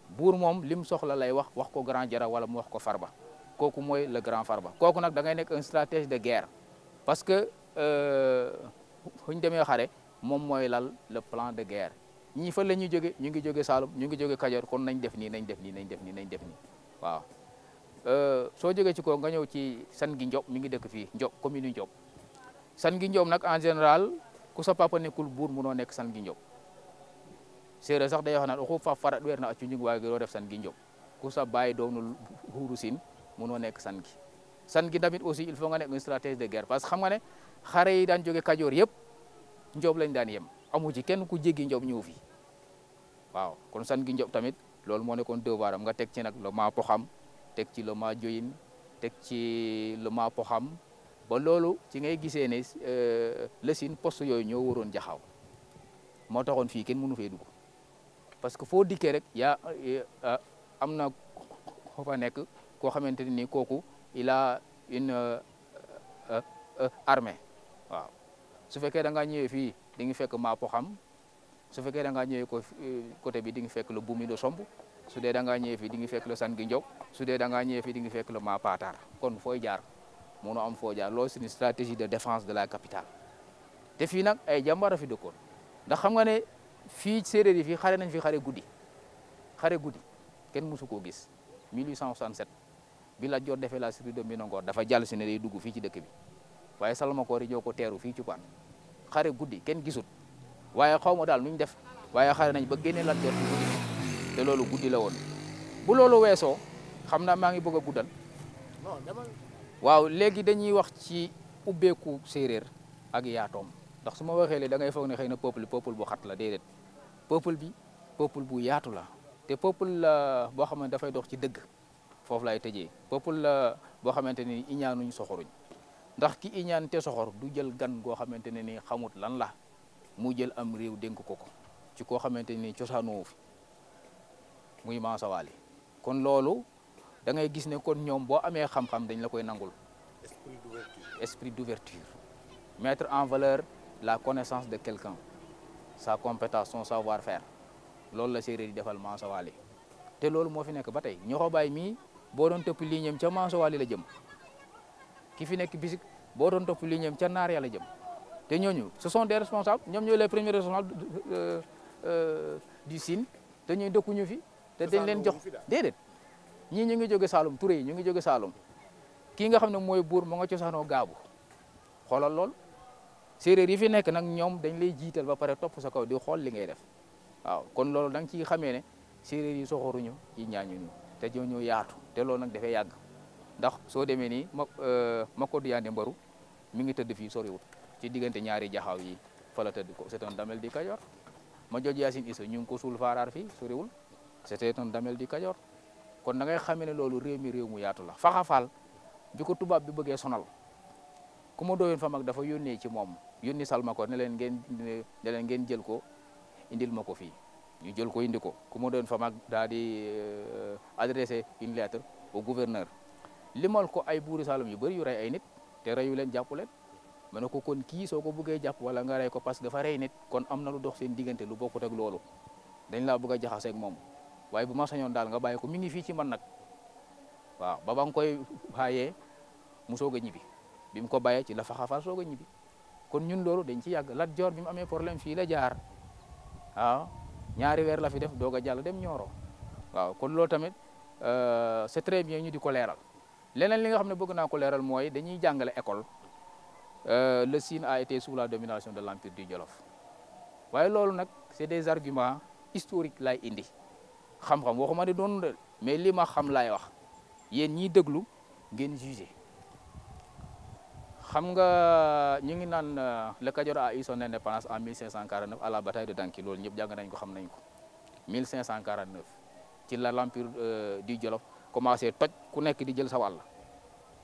[SPEAKER 3] buur moom lim soxla lay wax wax ko grand jara wala mu wax ko farba kooku mooy le grand ba kooku nag da ngay nekk un stratège de guerre parce que euh, fu ñu demee xare moom mooy lal le plan de guerre ñii fan la ñuy jóge ñu ngi jóge Saalum ñu ngi jóge Kajoor kon nañ def nii nañ def nii nañ def nii nañ def waaw euh, soo jógee ci kooku nga ñëw ci san gi Ndiop mi ngi dëkk fii Ndiop commune Ndiop san gi Ndiop nag en général ku sa papa nekkul buur munoo nekk san gi Ndiop séeréer sax day wax naan oxu fa farat weer na accu njig waaye doo def san gi ku sa bàyyi doonul xuuru siin munoo nekk san gi san gi tamit aussi il faut nga nekk une stratégie de guerre parce que xam nga ne xare yi daan jóge Kajoor yëpp Ndiop lañ daan yem amu ci kenn ku jéggi njob ñëw fii waaw kon san gi tamit loolu moo nekkoon devoir am nga teg ci nag le maa poxam teg ci le joyin teg ci le maa poxam ba loolu ci ngay gisee ne euh, lësin poste yooyu ñoo waroon jaxaw moo taxoon fii kenn mënu fee dugg parce que foo dikkee rek yaa euh, am na ko fa nekk koo xamante ni kooku il a une euh, armée waaw su fekkee da ngaa ñëwee fii di nga fekk maa poxam su fekkee da ngaa ñëwee ko eh, côté bi di nga fekk le Bumi do Somb su dee da ngaa ñëwee fii di nga fekk le Sangi Ndiob su dee da ngaa ñëwee fii di nga fekk le Mapatar kon fooy jaar mënoo am foo jaar loolu c'est stratégie de défense de la capitale te fii nag ay jàmbaar a fi dëkkoon ndax xam nga ne fii séeréer yi fii xare nañ fi xare guddi xare guddi kenn mosu koo gis 1867 bi la jot defee la surtout de Minongor dafa jàll si ne day dugg fii ci dëkk bi waaye Salmakoor yi ñoo ko teeru fii ci Cubaan xare guddi kenn gisut waaye xaw ma daal nu ñu def waaye xare nañ ba génne Lat Joor ci guddi te loolu guddi la woon bu loolu weesoo xam naa maa ngi bëgg a guddal waaw léegi dañuy wax ci ubbeeku séeréer ak yaatoom ndax su ma waxee le da ngay foog xëy na peuple peuple bu xat la déedéet peuple bi peuple bu yaatu la te peuple la boo xam ne dafay dox ci dëgg foofu laay tëjee peuple la boo xamante ni iñaanuñ soxoruñ ndax ki iñaan te soxor du jël gan goo xamante ne ni xamut lan la mu jël am réew dénk ko ko ci koo xamante ni cosaanoo fi muy Mansa kon loolu da ngay gis ne kon ñoom boo amee xam-xam dañ la koy nangul esprit d'ouverture mettre en valeur la connaissance de quelqu'un sa compétence son savoir-faire loolu la séeréer yi defal Mansa te loolu moo fi nekk ba tey ñoxo baay mii boo doon topp liñeem ca Mansa la jëm ki fi nekk bisik boo doon topp liñeem ca naar ya la jëm te ñooñu ce sont des responsables ñoom ñooy les premiers responsables euh, euh, du Sine te ñooy dëkkuñu fi te dañ leen jox déedéet ñii ñu ngi jóge Saalum Touré yi ñu ngi jóge Saalum kii nga xam ne mooy buur moo nga cosaanoo gaabu xoolal lool séeréer yi fi nekk nag ñoom dañ lay jiital ba pare topp sa kaw di xool li ngay def waaw kon loolu da nga ciy xamee ne séeréer yi soxoruñu yi ñaañuñu te ñoo ñu yaatu te loolu nag dafay yàgg ndax soo demee nii ma euh, Makodou Yande Mbaru mi ngi tëdd fii soriwut ci diggante ñaari jaxaw yi fa la tëdd ko c'est un damel di Kajoor Majooj Yaasin Isa ñu ngi ko suul faaraar fii soriwul c'était un damel di Kajoor kon da ngay xamee ne loolu réew mi réew mu yaatu la faxafaal bi ko tubaab bi bëggee sonal ku ma doyoon fa mag dafa yónnee ci moom yónni sal ma ko ne leen ngeen ne ngeen jël ko indil ma ko fii ñu jël ko indi ko ku ma doon fa mag daal di euh, adressé une lettre au gouverneur limal ko ay buuri Saalum yu bëri yu rey ay nit te reyu leen jàppu leen ma ne ko kon kii soo ko buggee jàpp wala nga rey ko parce que dafa rey kon am na lu dox seen diggante lu bokkut ak loolu dañ laa bëgg a jaxaseeg moom waaye bu ma sañoon daal nga bàyyi ko mi fi fii ci man nag waaw ba ba nga koy bàyyee mu soog a ñibbi bi mu ko bàyyee ci la fa xafal soog a kon ñun loolu dañ ci yàgg Lat Joor bi mu amee problème fii la jaar waaw ñaari weer la fi def doog a jàll dem Nioro waaw kon loolu tamit euh, c'est très bien ñu di ko leeral leneen li nga xam ne bëgg naa ko leeral mooy dañuy jàngale école. Euh, le Sine a été sous la domination de l'empire du Jolof waaye loolu nag c'est des arguments historiques lay indi xam-xam waxuma ne doon de mais li ma xam laay wax yéen ñiy déglu ngeen jugé xam nga ñu ngi naan euh, le Kajoor a eu son indépendance en 1549 à la bataille de Danki loolu ñëpp jàng nañ ko xam nañ ko 1549 ci la l'empire euh, du Jolof commencé toj ku nekk di jël sa wàll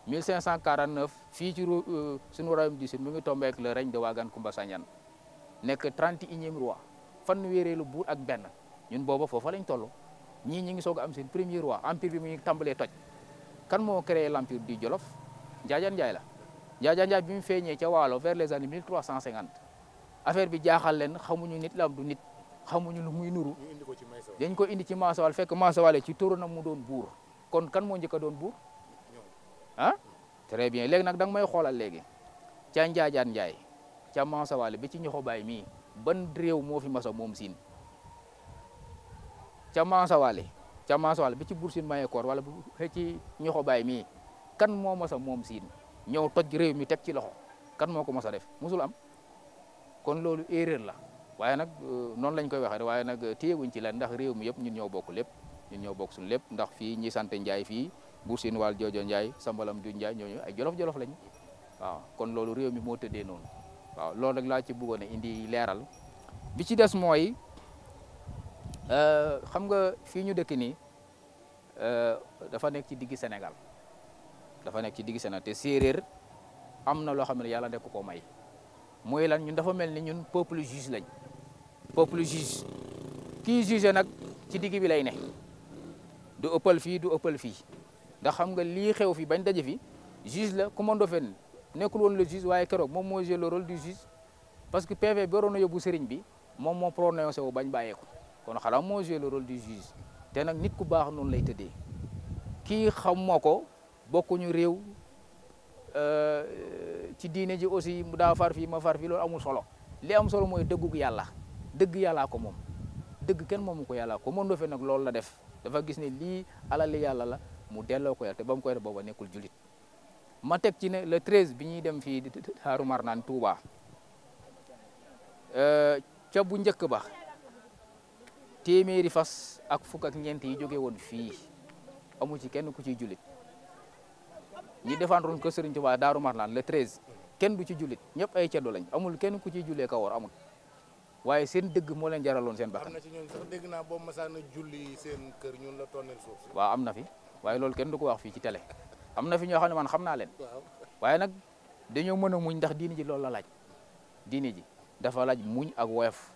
[SPEAKER 3] 1549 fii ci euh, suñu royaume du sud mu ngi tombé ak le règne de Wagan Kumba Sañan nekk 31e roi fanweereelu buur ak benn ñun booba foofa lañ toll ñii ñi ngi soog am seen premier roi empire bi mu ngi tàmbalee toj kan moo créé l' empire du Jolof Njaajaan Njaay la Njaajaan Njaay bi mu feeñee ca Waalo vers les années 1350 affaire bi jaaxal leen xamuñu nit la am du nit xamuñu lu muy nuru dañ ko indi ci Maasawal fekk Maasawal ci turanam mu doon buur kon kan moo njëkk doon buur ah très bien léegi nag da may xoolal léegi ca Njaajaan Njaay ca Mansawaale bi ci ñoxo baay mii ban réew moo fi masa moom siin ca Mansawaale ca Mansawaale bi ci Buur Siin Mayekoor wala bu ci ñoxo baay mii kan moo masa moom siin ñëw toj réew mi teg ci loxo kan moo ko masa def musul am kon loolu erreur la waaye nag euh, noonu lañ koy waxee waaye nag téyewuñ ci la ndax réew mi yëpp ñun ñoo bokk lépp ñun ñoo bokk suñu lépp ndax fii ñi sant Njaay fii Buur Siin Waal Joojo Njaay Sambalam du Njaay ñooñu ay jolof-jolof lañ waaw kon loolu réew mi moo tëddee noonu waaw loolu rek laa ci bëggoon a indi leeral bi ci des mooy euh, xam nga fii ñu dëkk nii euh, dafa nekk ci diggi Sénégal dafa nekk ci diggi Sénégal te séeréer am na loo xam ne yàlla nekk ko may mooy lan ñun dafa mel ni ñun peuple juge lañ peuple juge kii juge nag ci digg bi lay ne du ëppal fii du ëppal fii ndax xam nga lii xew fi bañ daje fi juge la commando fen nekkul woon le juge waaye keroog moom moo joué le di du parce que PV bi waroon na yóbbu sëriñ bi moom moo prononcé wu bañ bàyyeeku kon xalaat moo joué le rôle du juge te nag nit ku baax noonu lay tëddee kii ko bokkuñu réew euh, ci diine ji aussi mu daa far fii ma far fii amul solo li am solo mooy dëggug yàlla dëgg yàllaa ko moom dëgg kenn moomu ko yàllaa ko mën nag loolu la def dafa gis ne lii alali yàlla la mu delloo ko yàlla te ba mu koy def booba nekkul julit ma teg ci ne le 13 bi ñuy dem fii Daaru Marnaan Touba euh, ca bu njëkk ba téeméeri fas ak fukk ak ñeent yi jóge woon fii amu ci kenn ku ciy julit ñi défendroon ko Serigne Touba Daaru Marnaan le 13 kenn du ci julit ñëpp ay ceddo lañ amul kenn ku ciy jullee ka woor amul waaye seen dëgg moo leen jaraloon seen bakkan. am na ci
[SPEAKER 2] ñoom sax naa boo masaana julli seen kër ñun la tonnel waaw
[SPEAKER 3] am na fi. waaye loolu kenn du ko wax fii ci télé am na fi ñoo xam ne xam naa leen waaye nag dañoo mën a muñ ndax diini ji loolu la laaj diini ji dafa laaj muñ ak woyof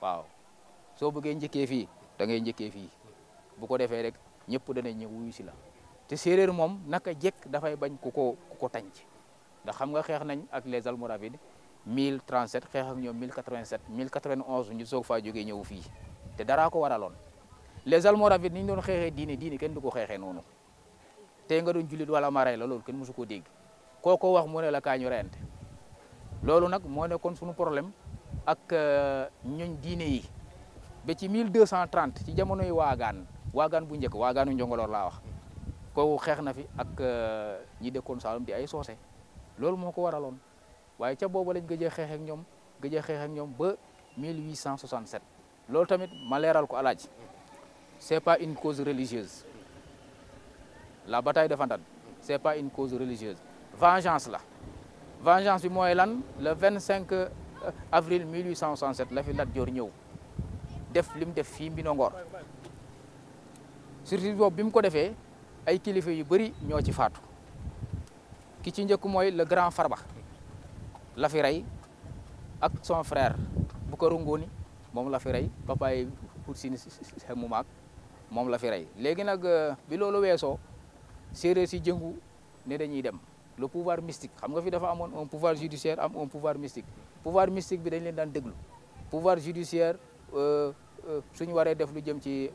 [SPEAKER 3] waaw soo bëggee njëkkee fii da ngay njëkkee fii bu ko defee rek ñëpp dana ñëw wuyu si la te séeréer moom naka jekk dafay bañ ku ko ku ko tànc ndax xam nga xeex nañ ak les almoravides 1037 xeex ak mille 1087 1091 ñu soog faa jógee ñëw fii te daraa ko loon les almoravides ni ñu doon xeexee diine diine kenn du ko xeexee noonu tey nga doon jullit wala mara rey la loolu kenn mosu ko dégg koo ko wax mu ne la kaa ñu loolu nag moone kon suñu problème ak euh, ñoñ diine yi ba ci 1230 ci jamonoy waagaan waagaan bu njëkk waagaanu njongoloor laa wax kooku xeex na fi ak euh, ñi dëkkoon Saalum di ay soose loolu moo ko waraloon waaye ca booba lañ gëj a xeex ak ñoom gëj a xeex ak ñoom ba 1867 loolu tamit ma leeral ko alaaj c'est pas une cause religieuse la bataille de Fandane c'est pas une cause religieuse vengeance la vengeance bi mooy lan le 25 euh, avril 1867 la fi Lat Joor ñëw def li mu def fii Mbinongoor surtout boobu bim ko defee ay kilifa yu bëri ñoo ci faatu ki ci njëkk mooy le grand Farba la rey ak son frère Boucarou Ngoni moom la rey papa yi pour sini moom la fi rey léegi nag euh, bi loolu weesoo séeréer si jëngu ne dañuy dem le pouvoir mystique xam nga fi dafa amoon un pouvoir judiciaire am un pouvoir mystique pouvoir mystique bi dañ leen daan déglu pouvoir judiciaire euh, euh, suñu waree def lu jëm ci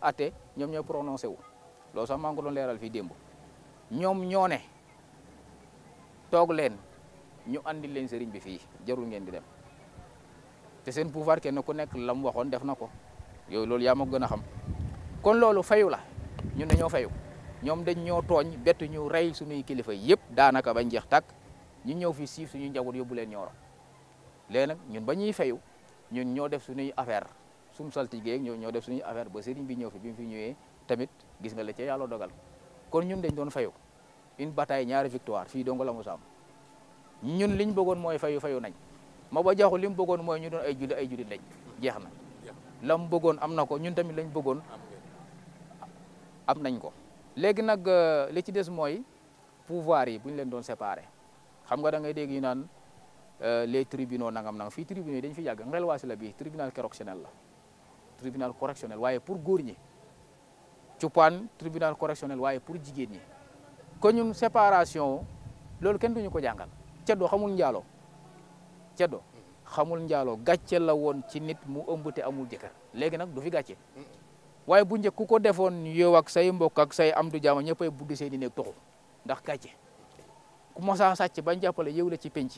[SPEAKER 3] ate ñoom ñoo prononcé wu loolu sax maa leeral fii démb ñoom ñoo ne toog leen ñu andi leen sëriñ bi fii jarul ngeen di dem te seen pouvoir kenn ku nekk la mu waxoon def na ko yow loolu yaa ma gën a xam kon loolu fayu la ñun dañoo fayu ñoom dañ ñoo tooñ bett ñu rey suñuy kilifa yëpp daanaka ba jeex tàkk ñu ñëw fi siif suñu njaboot yóbbu leen ñooro léegi nag ñun ba ñuy fayu ñun ñoo def suñuy affaire suñu saltige ñoo ñoo def suñuy affaire ba sëriñ bi ñëw fi bi mu fi ñëwee tamit gis nga la ca yàlla dogal kon ñun dañ doon fayu une bataay ñaari victoire fii donga la mu saam ñun liñ bëggoon mooy fayu fayu nañ ma ba jaxu li mu bëggoon mooy ñu doon ay julli ay julli lañ jeex na la mu bëggoon am na ko ñun tamit lañ bëggoon am nañ ko léegi nag euh, li ci des mooy pouvoir yi bu ñu leen doon séparé xam nga da ngay dégg ñu naan euh, les tribunaux nangam nangam fii tribunaux yi dañ fi yàgg Ngelwasi la bii tribunal correctionnel la tribunal correctionnel waaye pour góor ñi Cupaan tribunal correctionnel waaye pour jigéen ñi kon ñun séparation loolu kenn duñu ko jàngal ceddo xamul njaaloo cedo xamul njaaloo gàcce la woon ci nit mu ëmb amul jëkkër léegi nag du fi gàcce waaye bu njëkk ku ko defoon yow ak say mbokk ak say am du jaama ñëppay buddi seen i néeg toxu ndax gàcce ku mosaa sàcc bañ jàppale yeew la ci penc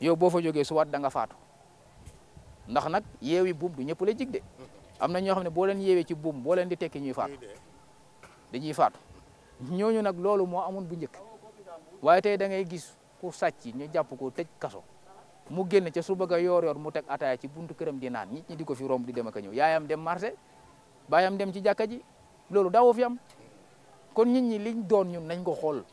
[SPEAKER 3] yow boo fa jogee suwaat danga nga faatu ndax nag yeewi buum du ñëpp la jig de am na ñoo xam ne boo leen yeewee ci buum boo leen di tekki ñuy faatu dañuy faat ñooñu nag loolu moo amoon bu njëkk waaye tey da ngay gis ku sàcc ñu jàpp ko tëj kaso mu génn ca suba bëgg a yor-yor mu teg ataaya ci buntu këram di naan nit ñi di fi romb di dem ak a ñëw yaayam dem marché baayam dem ci jàkka ji loolu daawoo fi am kon nit ñi liñ doon ñun nañ ko xool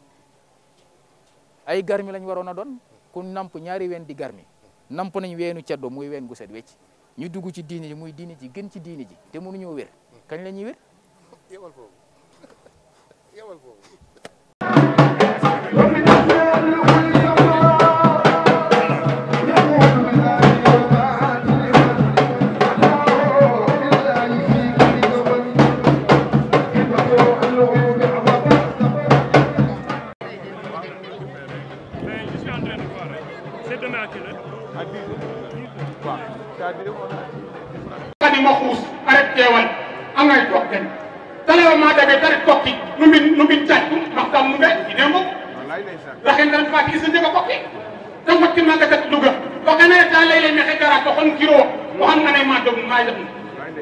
[SPEAKER 3] ay garmi lañ waroon a doon ku namp ñaari ween di garmi namp nañ weenu ceddo muy ween gu set wecc ñu dugg ci diini ji muy diini ji gën ci diini ji te mënuñoo wér kañ la ñuy wér. yewal
[SPEAKER 4] lakin tan fa kis ndega kopi tan ko timma ka tat luga ko kana ta lay le mexe gara ko xon kiro ko xon ngane ma dog ma dog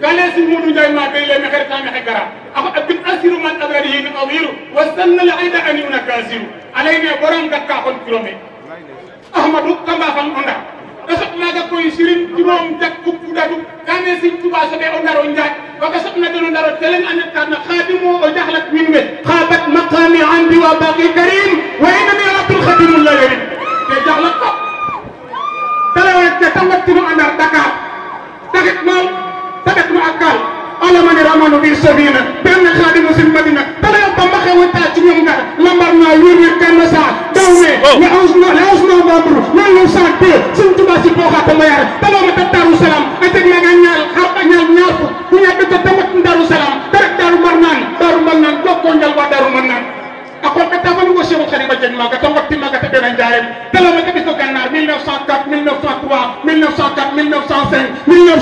[SPEAKER 4] kale si mudu jay ma be a mexe ta mexe a ako abin asiru man adradihi wa sanna la aida ani una kasiru alayne borom gat ka xon kiro me ahmadu kamba fan onda ka soɓnaga koy sirin juroom dak fukku daduk kane sin tuba soɓe o ndaro njaaj waga soɓna den o ndaro telen a nettana khadimo o jaxlat wiin we xabat maqami andi wa baqi karim wa inami rabbil khadimul layarin te jaxlat fop telewet ke ta wattino a ndar dakar taxit maal ta ɓetno a kaal alamani ramanu ɓi sabina ɓe anna khadimu sin madina tele yo bamba xew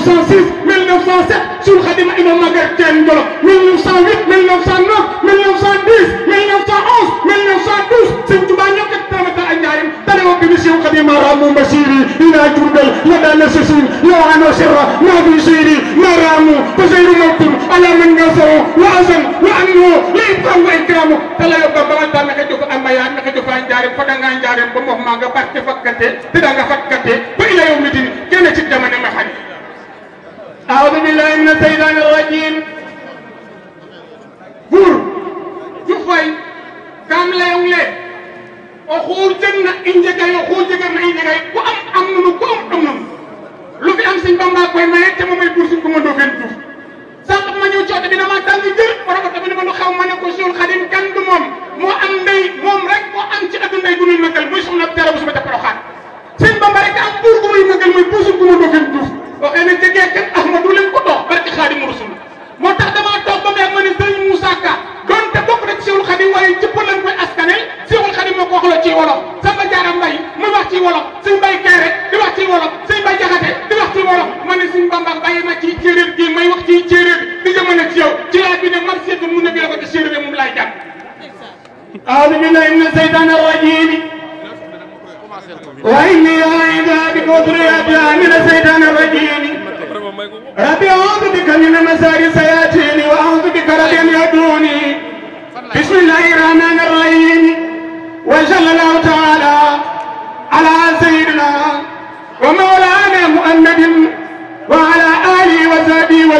[SPEAKER 4] 1906 1907 Cheikhoul Khadim Imam Maguette Thiam Ngolo 1908 1909 1910 1911 1912 Sëñ Tuba ñëpp ak tamata ak ñaayam talewa bi monsieur Khadim Ramu Bashiri ila Jurbel la dal sesin la ano sirra ma bi siri ma ramu fasiru mawtum ala man gasaw wa azan wa annu la ifam wa ikramu talewa ba ba ta naka joko amaya naka joko ñaarem fa nga ñaarem ba mo ma nga barke fakkante te da nga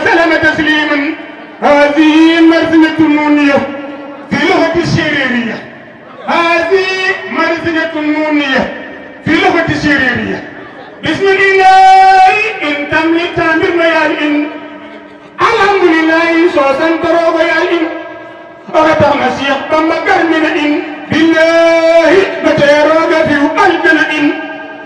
[SPEAKER 4] وسلم تسليما هذه مرزنة نونية في لغة الشريرية هذه مرزنة نونية في لغة الشريرية بسم الله إن تملي تامر ميال إن الحمد لله سوسن ترو ميال إن أغتى مسيح بما كرمنا إن بالله متى يروق في الجنة إن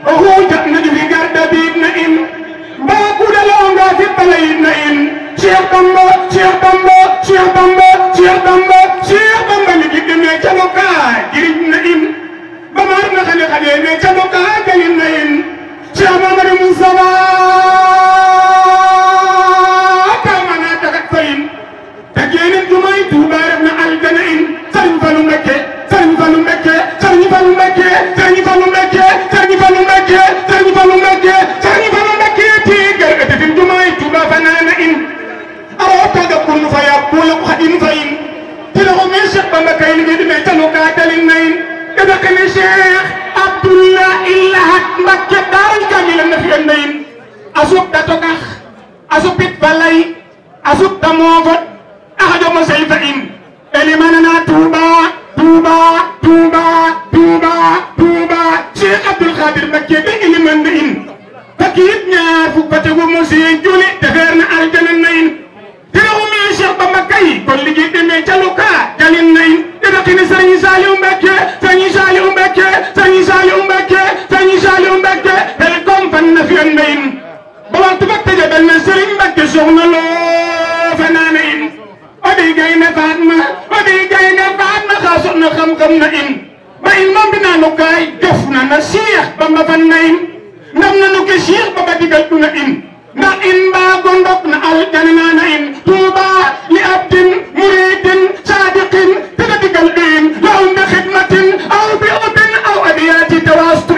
[SPEAKER 4] وهو جنة في قرد بيبنا إن maakuda laonga fippala inna in cheikh bamba cheikh bamba cheikh bamba cheikh bamba cheikh bamba mi giɗɗo me camoka girinna in bamarna xane xane me camoka galinna in cheikh mamadou moustapha kamana taxat fa in tagenen jumay tuba refna aljana in sëriñ falu mbekke sëriñ falu mbekke sëriñ falu mbekke sëriñ falu mbekke sëriñ falu mbekke sëriñ falu mbekke kullu fa yaqulu qadim fa in tilahu min cheikh bamba kay li di me tanu ka dalin nayin kada kene cheikh abdullah illahat makke daral kamila na fiyan nayin asuk datokah asupit balay asuk damovot ahado mo say fa in elimana na tuba tuba tuba tuba tuba cheikh abdul qadir makke be eliman na in fakit ñaar fu batego mo sey joni defeer na aljana nayin teewumaa Cheikh Bamba kay kon liggéey demee ca Luka jalin nañ idatini sëriñ Saliou Mbacke sëriñ Saliou Mbacke sëriñ Saliou Mbacke sëriñ Saliou Mbacke el kom fan na fiyan mbayin ba waxtu ba tëje bel na sëriñ Mbacke soxna loo fanaana in o di gay faat ma o di gay ne faat ma xaa soxna xam-xam na in ba in moom dinaa nu kaay jof na na Cheikh Bamba fan na in ndam na nu ke Cheikh Bamba digal du na in نعم باغندق الجنة نعم طوبى لأبد مريد صادق بغد قلبين لهم بخدمة أو بأب أو أبيات تواسط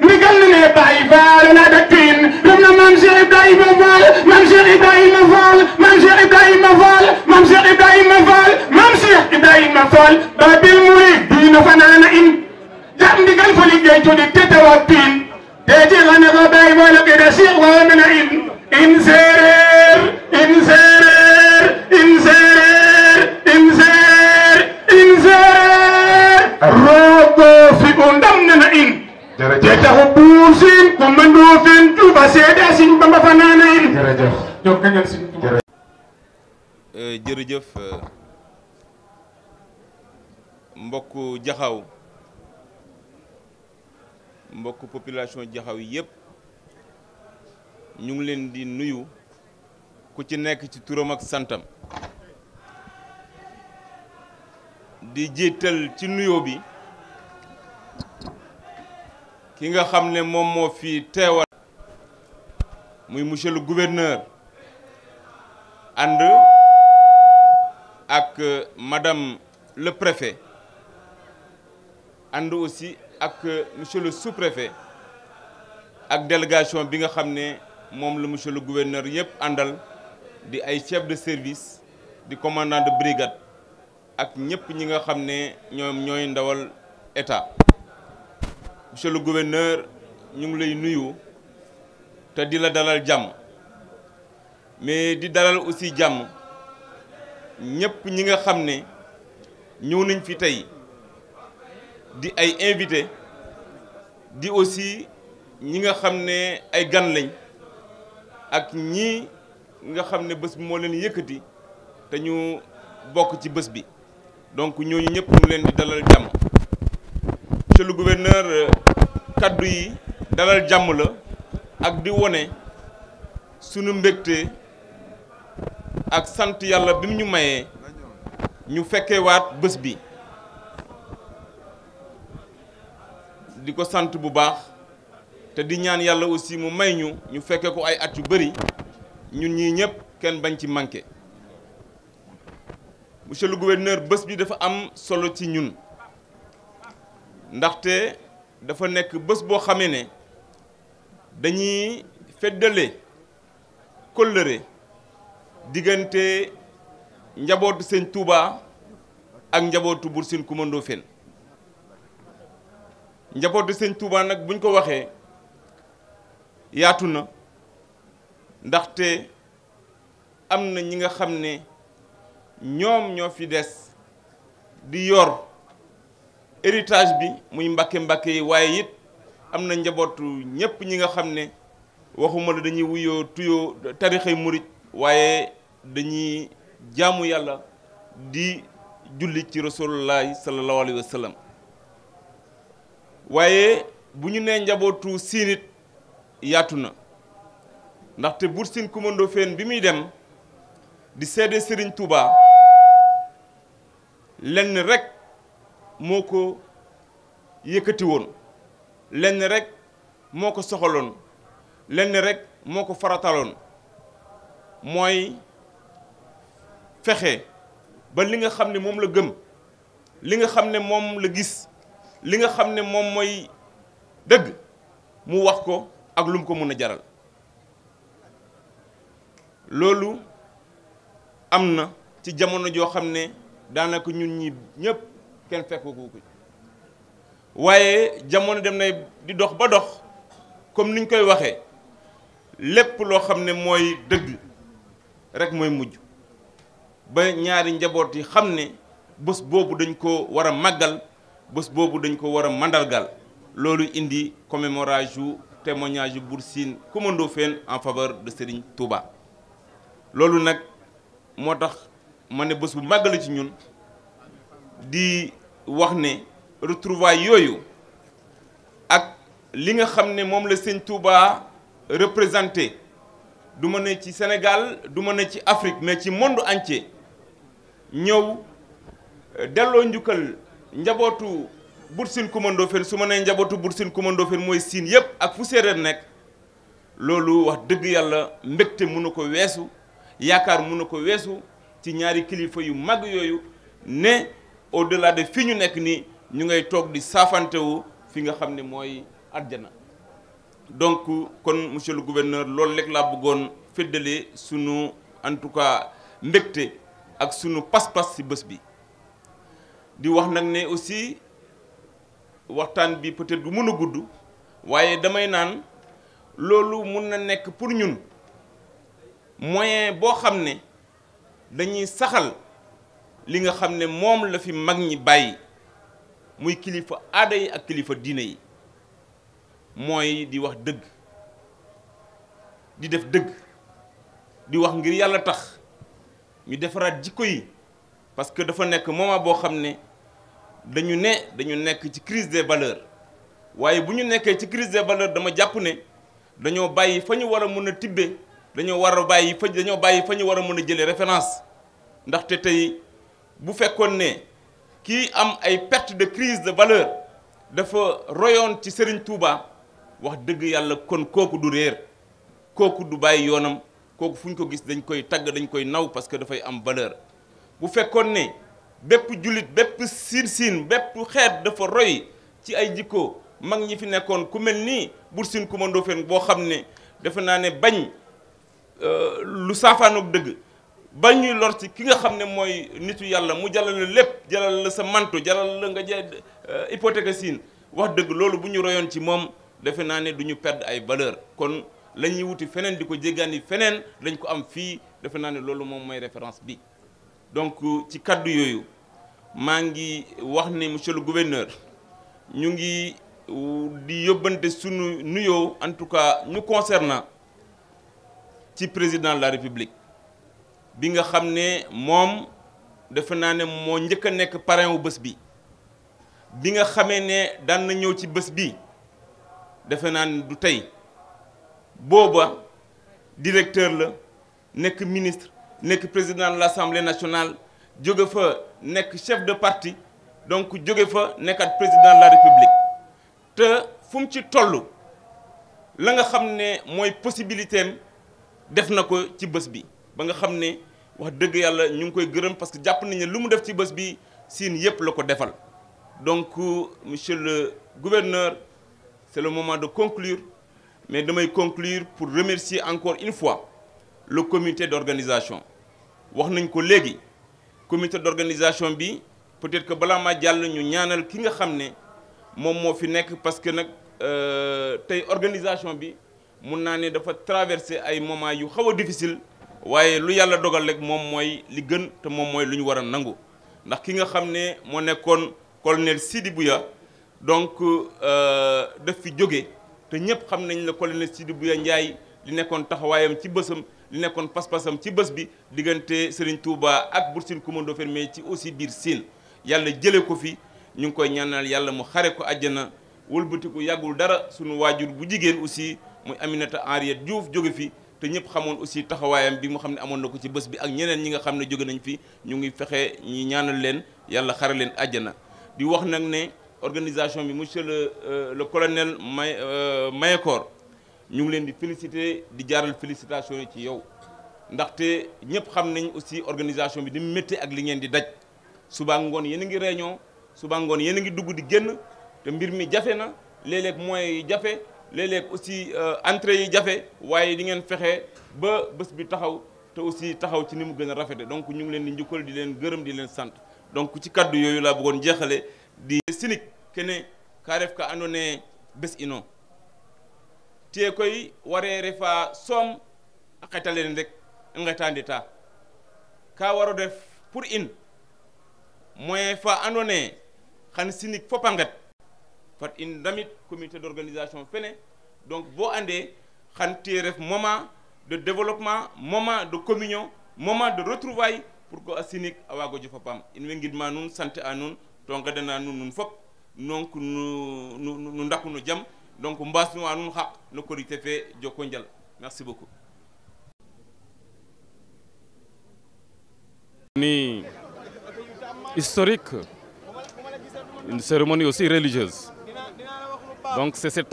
[SPEAKER 4] نقلنا باي فالنا دكين لمنا منزل إبراهيم فال منزل إبراهيم فال منزل إبراهيم فال منزل إبراهيم فال منزل إبراهيم فال باب المريد دين فنانا إن جام نقل فلقيتو دكتة وابين tey ci xam ne ko bàyyi moo la gën a siiw waxoon na in in séeréer in séeréer in séeréer in séeréer in séeréer roogoo fi bu ndam na na in te taxu buur siin bu mëndoo fen tuuba seede siñ ba mba fa naana in jërëjëf jokkañal siñ tuuba
[SPEAKER 5] jërëjëf mbokk jaxaw mbokk population jaxaw yépp ñu ngi leen di nuyu ku ci nekk ci turam ak santam di jiital ci nuyoo bi ki nga xam ne moom moo fi teewal muy monsieur le gouverneur ànd ak madame le préfet ànd aussi ak euh, monsieur le sous ak delegation bi nga xam ne moom la monsieur le gouverneur yëpp àndal di ay chef de service di commandant de brigade ak ñëpp ñi nga xam ne ñoom ñooy ndawal état monsieur le gouverneur ñu ngi lay nuyu te di la dalal jàmm mais di dalal aussi jàmm ñëpp ñi nga xam ne ñëw nañ fi tey di ay invité di aussi ñi nga xam ne ay gan lañ ak ñii nga xam ne bés bi moo leen yëkkati te ñu bokk ci bés bi donc ñooñu ñëpp ñu leen di dalal jàmm monsieur le gouverneur kaddu yi dalal jàmm la ak di wone sunu mbégte ak sant yàlla bi mu ñu mayee ñu fekkee waat bés bi di ko sant bu baax te di ñaan yàlla aussi mu may ñu ñu fekke ko ay at yu bëri ñun ñi ñëpp kenn bañ ci manqué monsieur le gouverneur bés bi dafa am solo ci ñun ndaxte dafa nekk bés boo xamee ne dañuy feddale kóllëre diggante njabootu sëñ Touba ak njabootu Bour Sine Coumba Ndoffène njabootu sëñ Touba nag buñ ko waxee yaatu na ndaxte am na ñi nga xam ne ñoom ñoo fi des di yor héritage bi muy mbàkke-mbàkke yi waaye it am na njabootu ñépp ñi nga xam ne waxuma la dañuy wuyoo tuyoo tarixay murit waaye dañuy jaamu yàlla di julli ci rasulullahi sallallahu alayhi wa waaye bu ñu nee njabootu siin it yaatu na ndaxte Buur Sine Coumba Ndofféne bi muy dem di seede sëriñ Touba lenn rek moo ko yëkkati woon lenn rek moo ko soxaloon lenn rek moo ko farataloon mooy fexe ba li nga xam ne moom la gëm li nga xam ne moom la gis li nga xam ne moom mooy dëgg mu wax ko ak lu mu ko mën a jaral loolu am na ci jamono joo xam ne daanaka ñun ñi ñëpp kenn fekku ko waaye jamono dem na di dox ba dox comme niñ koy waxee lépp loo xam ne mooy dëgg rek mooy mujj ba ñaari njaboot yi xam ne bés boobu dañ ko war a màggal bës boobu dañ ko war a mandargal loolu indi commémorage yu témoignage yu Bour Sine Coumba Ndoffène en faveur de Serigne Touba. loolu nag moo tax ma ne bés bu màgg la ci ñun di wax ne retrouvailles yooyu ak li nga xam ne moom la sëñ Touba représenté du ma ne ci Sénégal du ma ne ci Afrique mais ci monde entier ñëw delloo njukkal. njabootu Bour Sine Coumba su ma nee njabootu Bour Sine Coumba mooy siin yëpp ak fu séeréer nekk loolu wax dëgg yàlla mbégte mënu ko weesu yaakaar mënu ko weesu ci ñaari kilifa yu mag yooyu ne au delà de fi ñu nekk nii ñu ngay toog di saafantewu fi nga xam ne mooy àjjana donc kon monsieur le gouverneur loolu rek laa bëggoon féddale sunu en tout cas mbégte ak sunu pas-pas ci bés bi di wax nag ne aussi waxtaan bi peut-être du mën a gudd waaye damay naan loolu mun na nekk pour ñun moyen boo xam ne dañuy saxal li nga xam ne moom la fi mag ñi bàyyi muy kilifa aada yi ak kilifa diine yi mooy di wax dëgg di def dëgg di wax ngir yàlla tax ñu defaraat jikko yi parce que dafa nekk moment boo xam ne dañu ne dañu nekk ci crise de valeur waaye bu ñu nekkee ci crise des valeurs dama jàpp ne dañoo bàyyi fa ñu war a mën a tibbee dañoo war a bàyyi fa dañoo bàyyi fa ñu war a mën a jëlee référence ndaxte tey bu fekkoon ne kii am ay perte de crise de valeur dafa royoon ci Serigne Touba wax dëgg yàlla kon kooku du réer kooku du bàyyi yoonam kooku fu ñu ko gis dañ koy tagg dañ koy naw parce que dafay am valeur bu fekkoon ne. bépp jullit bépp siin siin bépp xeet dafa roy ci ay jikko mag ñi fi nekkoon ku mel nii Buur Sine Kumba Ndoofeen boo xam ne defe naa ne bañ euh, lu saafaanoog dëgg bañ ñuy lor ci ki nga xam ne mooy nitu yàlla mu jalal la lépp jalal la sa manto jalal la nga jaay euh, hypothèque siin wax dëgg loolu bu ñu royoon ci moom defe naa ne du ñu perdre ay valeur kon la ñuy wuti feneen di ko jéggaani feneen lañ ko am fii defe naa ne loolu moom mooy référence bi donc euh, ci kàddu yooyu maa ngi wax ni monsieur le gouverneur ñu ngi euh, di yóbbante sunu nuyoo en tout cas ñu concernant ci président la république bi nga xam ne moom defe naa ne moo njëkk a nekk parrain wu bés bi bi nga xamee ne daan na ñëw ci bés bi defe naa ne du tey booba directeur la nekk ministre nekk président de l' assemblée nationale jóge fa nekk chef de parti donc jóge fa nekkaat président de la république te fu ci toll la nga xam ne mooy possibilité def na ko ci bés bi ba nga xam ne wax dëgg yàlla ñu ngi koy gërëm parce que jàpp nañ lu mu def ci bés bi siin yëpp la ko defal donc monsieur le gouverneur c' est le moment de conclure mais damay conclure pour remercier encore une fois le comité d' organisation wax nañ ko léegi comité d'organisation bi peut-être que balaa maa jàll ñu ñaanal ki nga xam ne moom moo fi nekk parce que nag euh, tey organisation bi mun naa ne dafa traversé ay moments yu xaw a difficile waaye lu yàlla dogal rek moom mooy li gën te moom mooy lu ñu war a nangu ndax ki nga xam ne moo nekkoon colonel Sidi Bouya donc euh, def fi jóge te ñëpp xam nañ la colonel Sidi Bouya Ndiaye li nekkoon taxawaayam ci bësam li nekkoon pas-pasam ci bës bi diggante Serigne tuubaa ak Bur Sine Coumba Ndoffène mais ci aussi biir Sine yàlla jële ko fi ñu ngi koy ñaanal yàlla mu xare ko àjjana wëlbatiku yàggul dara sunu waajur bu jigéen aussi muy Aminata Henriette Diouf jóge fi te ñëpp xamoon aussi taxawaayam bi mu xam ne amoon na ko ci bës bi ak ñeneen ñi nga xam ne jóge nañ fi ñu ngi fexe ñi ñaanal leen yàlla xare leen àjjana di wax nag ne organisation bi monsieur le euh, le colonel May euh, Mayekor ñu ngi leen di féliciter di jaaral félicitation yi ci yow ndaxte ñëpp xam nañ aussi organisation bi di métti ak li ngeen di daj suba ngoon yéen a ngi réunion suba ngoon yéen a ngi dugg di génn te mbir mi jafe na léeg-léeg yi jafe léeg-léeg aussi euh, entrée yi jafe waaye di ngeen fexe ba bés bi taxaw te aussi taxaw ci ni mu gën a rafete donc ñu ngi leen di njukkal di leen gërëm di leen sant donc ci kaddu yooyu laa bëggoon jeexale di sinik kene ka ref ka bés ino te koy wareere fa soom a xetalene rek i ngetandita ka waro def pour in moyen fa andoona yee xan sinig fop a nget fat in ndamit comité d'organisation fene donc boo andee xan te ref moment de développement moment de communion moment de retrouvaille pour que a sinig a waag o jof a paam in way ngidma nuun sant a nuun to ngedana nuun nuun fop donc nu nu ndaku no jam donc mbasnuwa nun haq no korité fe joko njal merci beaucoup
[SPEAKER 6] ni historique une cérémonie aussi religieuse donc c'est cette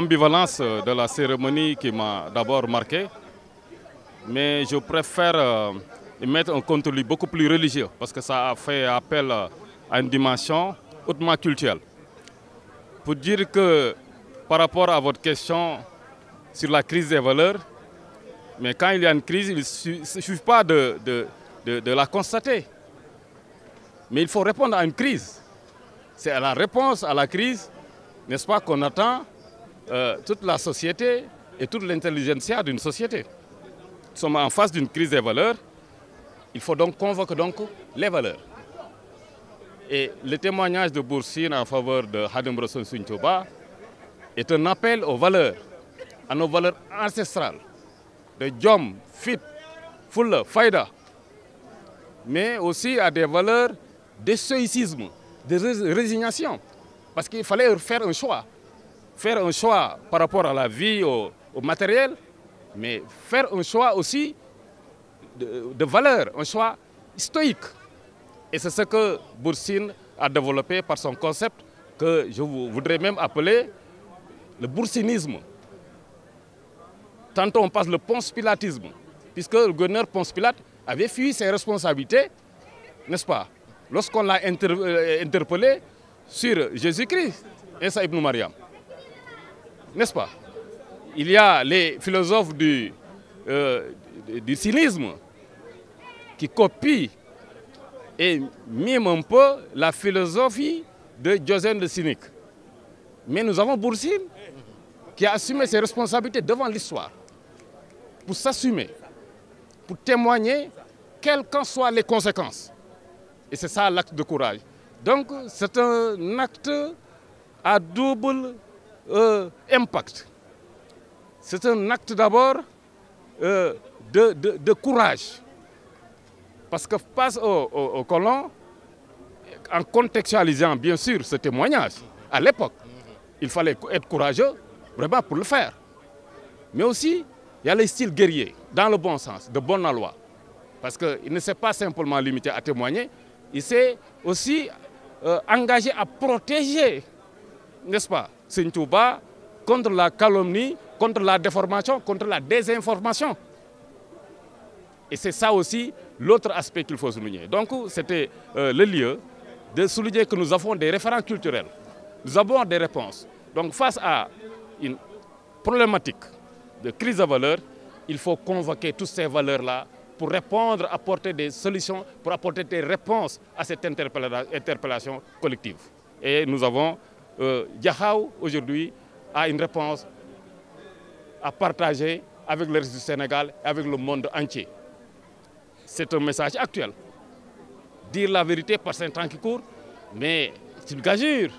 [SPEAKER 6] ambivalence de la cérémonie qui m'a d'abord marqué mais je préfère euh, mettre un contenu beaucoup plus religieux parce que ça a fait appel à une dimension hautement culturelle pour dire que Par rapport à votre question sur la crise des valeurs, mais quand il y a une crise, il ne suffit pas de, de, de, de la constater. Mais il faut répondre à une crise. C'est à la réponse à la crise, n'est-ce pas, qu'on attend euh, toute la société et toute l'intelligentsia d'une société. Nous sommes en face d'une crise des valeurs. Il faut donc convoquer donc les valeurs. Et le témoignage de Boursine en faveur de Hadim Rosson Suntioba est un appel aux valeurs, à nos valeurs ancestrales de Djom, Fit, Fulla, Faïda, mais aussi à des valeurs de stoïcisme, de résignation. Parce qu'il fallait faire un choix. Faire un par rapport à la vie, au, au matériel, mais faire un choix aussi de, de un choix stoïque. Et c'est ce que Boursine a développé par son concept que je voudrais même appeler le boursinisme. Tantôt on passe le ponce-pilatisme, puisque le gouverneur Ponce-Pilate avait fui ses responsabilités, n'est-ce pas Lorsqu'on l'a inter euh, interpellé sur Jésus-Christ, Issa ibn Mariam, n'est-ce pas Il y a les philosophes du, euh, du cynisme qui copient et miment un peu la philosophie de Diogène de Cynique. Mais nous avons Boursine qui a assumé ses responsabilités devant l'histoire, pour s'assumer, pour témoigner, quelles qu'en soient les conséquences. Et c'est ça l'acte de courage. Donc c'est un acte à double euh, impact. C'est un acte d'abord euh, de, de, de, courage. Parce que face aux au, au en contextualisant bien sûr ce témoignage, à l'époque, il fallait être courageux, vraiment pour le faire. Mais aussi, il y a style guerrier, dans le bon sens, de bonne loi. Parce qu'il ne s'est pas simplement limité à témoigner, il s'est aussi euh, engagé à protéger, n'est-ce pas, Sintouba contre la calomnie, contre la déformation, contre la désinformation. Et c'est ça aussi l'autre aspect qu'il faut souligner. Donc c'était euh, le lieu de souligner que nous avons des référents culturels, nous avons des réponses. Donc face à une problématique de crise de valeurs, il faut convoquer toutes ces valeurs-là pour répondre, apporter des solutions, pour apporter des réponses à cette interpellation collective. Et nous avons, euh, Yahao aujourd'hui a une réponse à partager avec le reste du Sénégal et avec le monde entier. C'est un message actuel. Dire la vérité par un temps qui court, mais c'est une gageure.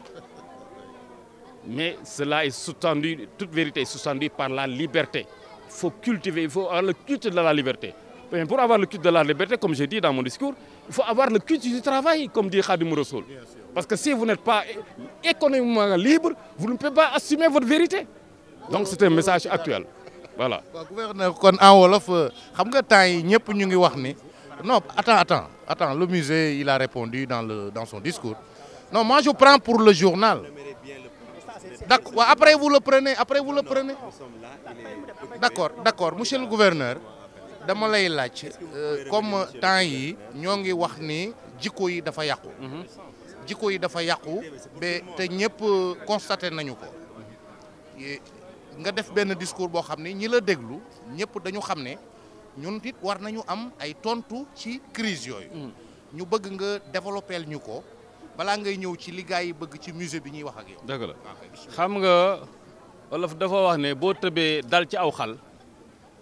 [SPEAKER 6] mais cela est sous-tendu, toute vérité est sous-tendue par la liberté. Il faut cultiver, il faut avoir le culte de la liberté. Mais pour avoir le culte de la liberté, comme j'ai dit dans mon discours, il faut avoir le culte du travail, comme dit Khadim Rassoul. Parce que si vous n'êtes pas économiquement libre,
[SPEAKER 2] vous ne pouvez assumer votre vérité. Donc c'est un message actuel. Voilà. Gouverneur, en Wolof, xam nga temps ñëpp ñu ngi wax ni Non, attends, attends, attends, le musée, il a répondu dans le dans son discours. Non, moi je prends pour D'accord. waa après, vous le prenez. Après, vous le prenez. D'accord, d'accord. Monsieur le gouverneur, dama lay laaj euh, comme temps yi ñoo ngi wax ni jikko yi dafa yàqu. jikko yi dafa yàqu ba te ñëpp euh, constaté nañu ko nga def benn discours boo xam ne ñi la déglu ñëpp dañu xam ne ñun it war nañu am ay tontu ci crise yooyu. Mm. ñu bëgg nga développeel ñu ko. balaa ngay ñëw ci li yi bëgg ci musée bi ñuy wax ak la ah, xam
[SPEAKER 6] nga olof dafa wax ne boo tëbee dal ci aw xal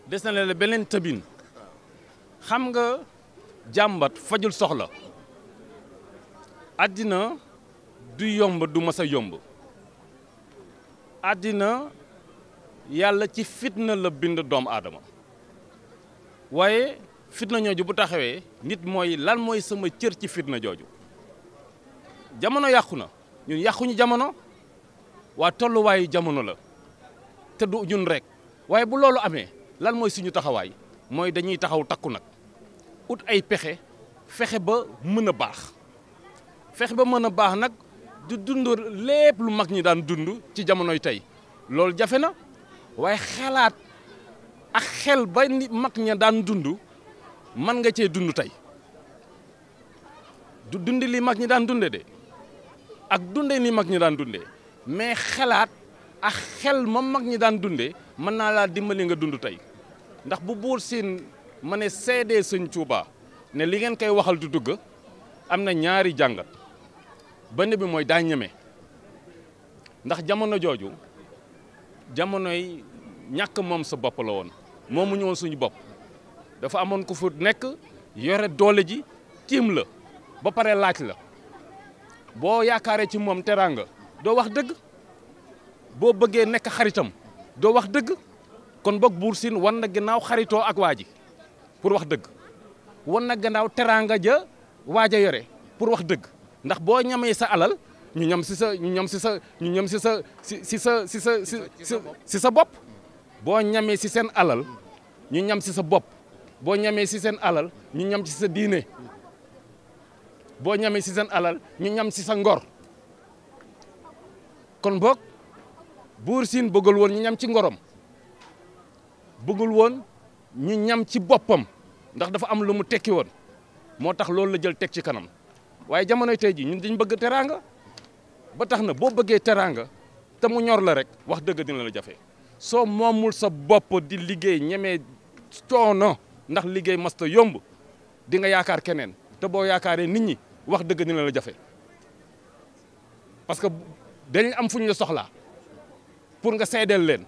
[SPEAKER 6] des na la beneen tëbin xam nga jàmbat fajul soxla àddina du yomb du mës a yomb àddina yàlla ci fitna la bind doomu aadama waaye fitna jooju bu taxawee nit mooy lan mooy sama cër ci fitna jooju. jamono yàqu na ñun yàquñu jamono waa tolluwaayu jamono la te du ñun rek waaye bu loolu amee lan mooy suñu taxawaay mooy dañuy taxaw takku nag ut ay pexe fexe ba mën a baax fexe ba mën a baax nag du dund lépp lu mag ñi daan dund ci jamonoy tey loolu jafe na waaye xalaat ak xel ba mag ña daan dund mën nga cee dund tey du dund li mag ñi daan dunde de ak dundee ni mag ñi daan dunde mais xalaat ak xel ma mag ñi daan dundee mën naa laa dimbali nga dund tey ndax bu buur siin ma ne seedee sëñ Tuuba ne li ngeen koy waxal du dugg am na ñaari jàngat benn bi mooy daa ñeme ndax jamono jooju jamonoy ñàkk moom sa bopp la woon moomu ñëwoon suñu bopp dafa amoon ko fu nekk yore doole ji tiim la ba pare laaj la boo yaakaaree ci moom teraanga doo wax dëgg boo bëggee nekk xaritam doo wax dëgg kon boog Buur Sine wan na gannaaw xaritoo ak waa ji pour wax dëgg wan na gannaaw teraanga ja waaj a yore pour wax dëgg ndax boo ñamee sa alal ñu ñam si sa ñu ñam si sa ñu ñam si sa si si sa si sa si sa bopp boo ñamee si seen alal ñu ñam si sa bopp boo ñamee si seen alal ñu ñam ci sa diine boo ñamee si seen alal ñu ñam si sa ngor kon boog buur siin bëggul woon ñu ñam ci ngorom bëggul woon ñu ñam ci boppam ndax dafa am lu mu tekki woon moo tax loolu la jël teg ci kanam waaye jamonoy tey ji ñu dañ bëgg teraanga ba tax na boo bëggee teraanga te mu ñor la rek wax dëgg dina la jafe soo moomul sa bopp di liggéey ñemee coono ndax liggéey masta yomb di nga yaakaar keneen te boo yaakaaree nit ñi wax dëgg dina la jafe parce que dañu am fu ñu la soxlaa pour nga seedeel leen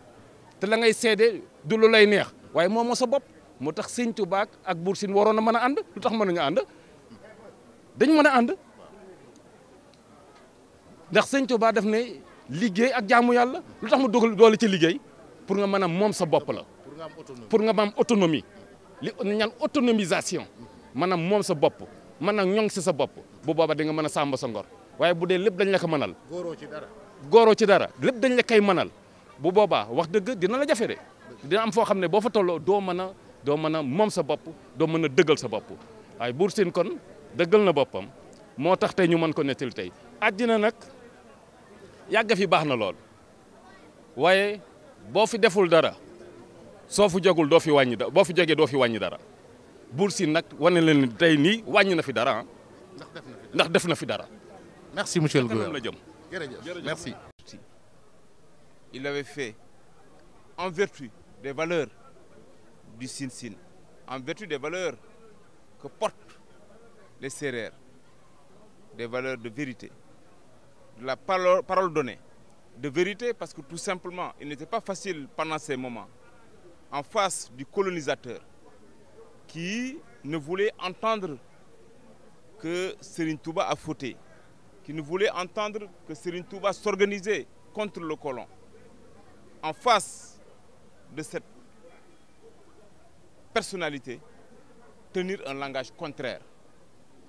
[SPEAKER 6] te la ngay seede du lu lay neex waaye moom moo sa bopp moo tax Sëñ Tuubaa ak Buur Siin waroon a mën a ànd lu tax mënuñu ànd dañ mën a ànd ndax Sëñ Tuubaa daf na liggéey ak jaamu yàlla lu tax ma dugal doole ci liggéey pour nga mën a moom sa bopp la pour nga am autonomie li ñaan autonomisation maanaam moom sa bopp maanaam ñoŋ si sa bopp bu booba di nga mën a sàmm sa ngor waaye bu dee lépp dañ la ko mënal. góoroo ci dara góoroo ci dara lépp dañ la koy mënal bu boobaa wax dëgg dina la jafe de dina am foo xam ne boo fa tolloo doo mën a doo mën a moom sa bopp doo mën a dëggal sa bopp waaye Buur Sine kon dëggal na boppam moo tax tey ñu mën ko nettali tey. àddina nag yàgg fi baax na lool waaye boo fi deful dara soo fi jogul doo fi wàññi dara boo fi jógee doo fi wàññi dara Buur Sine nag wane leen ni tey nii wàññi na fi dara ah. ndax def na fi dara.
[SPEAKER 2] merci monsieur le gouverneur jëm jërëjëf merci.
[SPEAKER 5] il l'avait fait en vertu des valeurs du Sine Sine en vertu des valeurs que portent les Sérères des valeurs de vérité de la parole, parole donnée de vérité parce que tout simplement il n'était pas facile pendant ces moments en face du colonisateur qui ne voulait entendre que Serine Touba a fauté, qui ne voulait entendre que Serine Touba s'organisait contre le colon. En face de cette personnalité, tenir un langage contraire,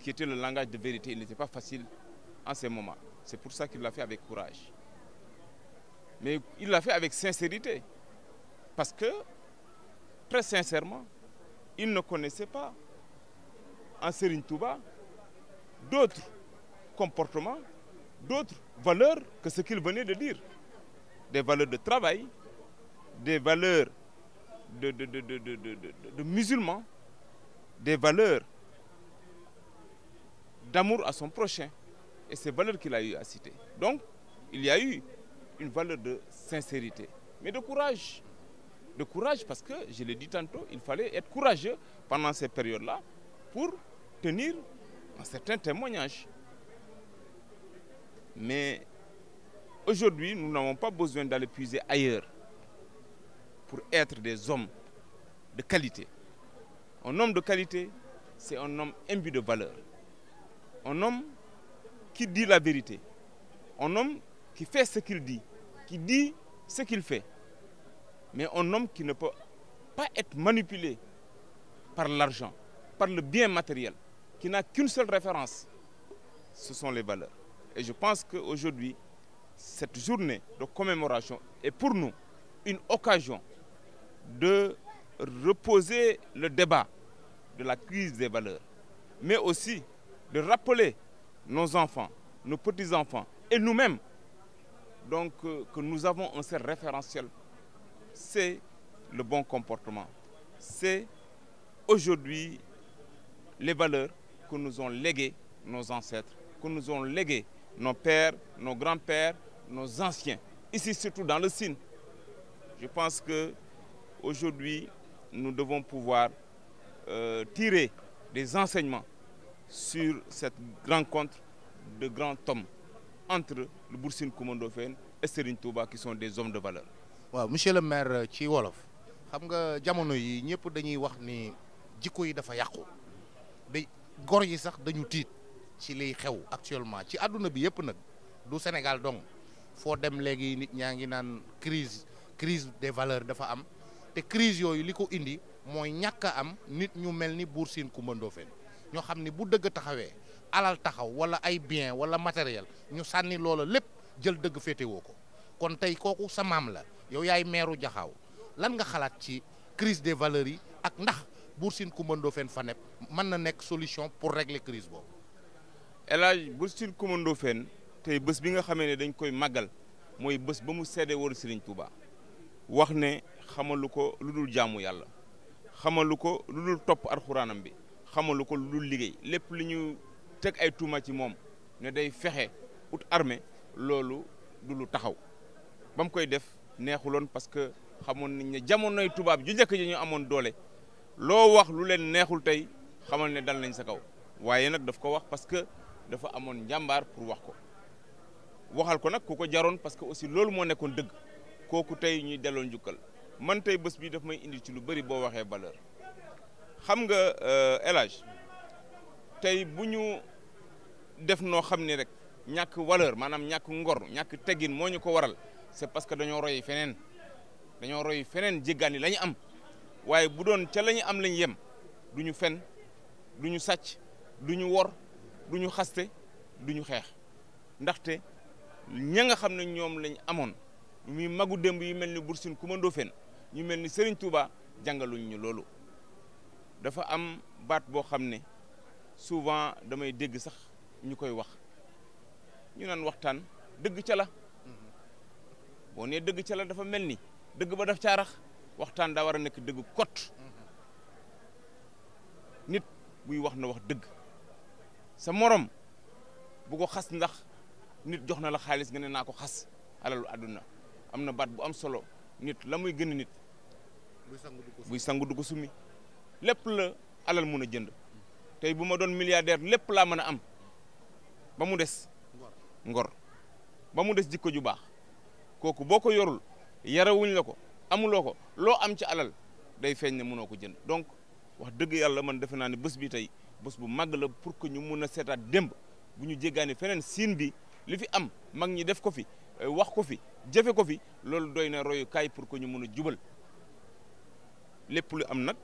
[SPEAKER 5] qui était le langage de vérité, il n'était pas facile en ces moments. C'est pour ça qu'il l'a fait avec courage. Mais il l'a fait avec sincérité, parce que, très sincèrement, il ne connaissait pas en Serine Touba d'autres comportement d'autres valeurs que ce qu'il venait de dire. Des valeurs de travail, des valeurs de, de, de, de musulmans, des valeurs d'amour à son prochain. Et ces valeurs qu'il a eu à cité Donc, il y a eu une valeur de sincérité, mais de courage. De courage parce que, je l'ai dit tantôt, il fallait être courageux pendant ces périodes-là pour tenir un certain témoignage. Mais aujourd'hui, nous n'avons pas besoin d'aller puiser ailleurs pour être des hommes de qualité. on homme de qualité, c'est on homme imbu de valeur. on homme qui dit la vérité. Un homme qui fait ce qu'il dit, qui dit ce qu'il fait. Mais on homme qui ne peut pas être manipulé par l'argent, par le bien matériel. qui n'a qu'une seule référence, ce sont les valeurs. Et je pense qu'aujourd'hui, cette journée de commémoration est pour nous une occasion de reposer le débat de la crise des valeurs, mais aussi de rappeler nos enfants, nos petits-enfants et nous-mêmes donc euh, que nous avons un seul référentiel, c'est le bon comportement. C'est aujourd'hui les valeurs que nous ont légué nos ancêtres, que nous ont légué nos pères, nos grands-pères, nos anciens. Ici, surtout dans le Sine. Je pense que aujourd'hui, nous devons pouvoir euh, tirer des enseignements sur cette rencontre de grands hommes entre le Boursine Koumandofène et Serigne Touba
[SPEAKER 2] qui sont des hommes de valeur. waaw monsieur le maire euh, ci wolof xam nga jamono yi ñëpp dañuy wax ni jikko yi dafa yàqu. goro yi sax dañu tiit ci liy xew actuellement ci àdduna bi yëpp nag du Sénégal donc foo dem léegi nit ñaa ngi naan crise crise des valeurs dafa am te crise yooyu li ko indi mooy ñàkk a am nit ñu mel ni Buur Sine Coumba Ndoffène ñoo xam ni bu dëgg taxawee alal taxaw wala ay bien wala matériel ñu sànni loola lépp jël dëgg féetewoo ko kon tey kooku sa maam la yow yaay meeru jaxaw lan nga xalaat ci crise des valeurs yi ak ndax Bour Sine Coumba Ndoffène FANEP mën na nekk solution pour régler crise boobu.
[SPEAKER 5] El Hadj Bour Sine Coumba Ndoffène tey bés bi nga xamee ne dañ koy màggal mooy bés ba mu seede woon Serigne Touba wax ne xamalu ko lu dul jaamu yàlla xamalu ko lu dul topp arxuraanam bi xamalu ko lu dul liggéey lépp lu ñu teg ay tuuma ci moom ne day fexe ut armée loolu du lu taxaw bam koy def neexuloon parce que xamoon nañ ne jamonoy tubaab ju njëkk ji ñu amoon doole. loo wax lu leen neexul tey xamal ne dal nañ sa kaw waaye nag daf ko wax parce que dafa amoon njàmbaar pour wax ko waxal ko nag ku ko jaroon parce que aussi loolu moo nekkoon dëgg kooku tey ñuy delloo njukkal man tey bés bi daf may indi ci lu bëri boo waxee valeur xam nga euh, El Hadj tey bu ñu def noo xam ne rek ñàkk valeur manaam ñàkk ngor ñàkk teggin moo ñu ko waral c'est parce que dañoo roy feneen dañoo roy feneen jéggaani la ñu am waaye bu doon ca la ñu am lañ yem du ñu fen du ñu sàcc du ñu wor du ñu xaste du ñu xeex ndaxte ña nga xam ne ñoom lañ amoon muy magu démb yi mel ni bursin ku ma ndóofeen ñu mel ni Serigne Touba jàngaluñ ñu loolu dafa am baat boo xam ne souvent damay dégg sax ñu koy wax ñu naan waxtaan dëgg ca la mm-hmm. boo ne dëgg ca la dafa mel ni dëgg ba daf caarax waxtaan daa war a nekk dëgg kot nit buy wax na wax dëgg sa morom bu ko xas ndax nit jox na la xaalis nga ne naa ko xas alalu àdduna am na baat bu am solo nit la muy gën nit buy sangu du ko summi lépp la alal mun a jënd tey bu ma doon milliardaire lépp laa mën a am ba mu des ngor ba mu des jikko ju baax kooku boo ko yorul yarawuñ la ko amuloo ko loo am ci alal day feeñ ne munoo ko jënd donc wax dëgg yàlla man defe naa ne bés bi tey bës bu màgg la pour que ñu mun a seetaat démb bu ñu jéggaani feneen siin bi li fi am mag ñi def ko fi euh, wax ko fi jëfe ko fi loolu doy ne royu kaay pour que ñu mun a jubal lépp lu am nag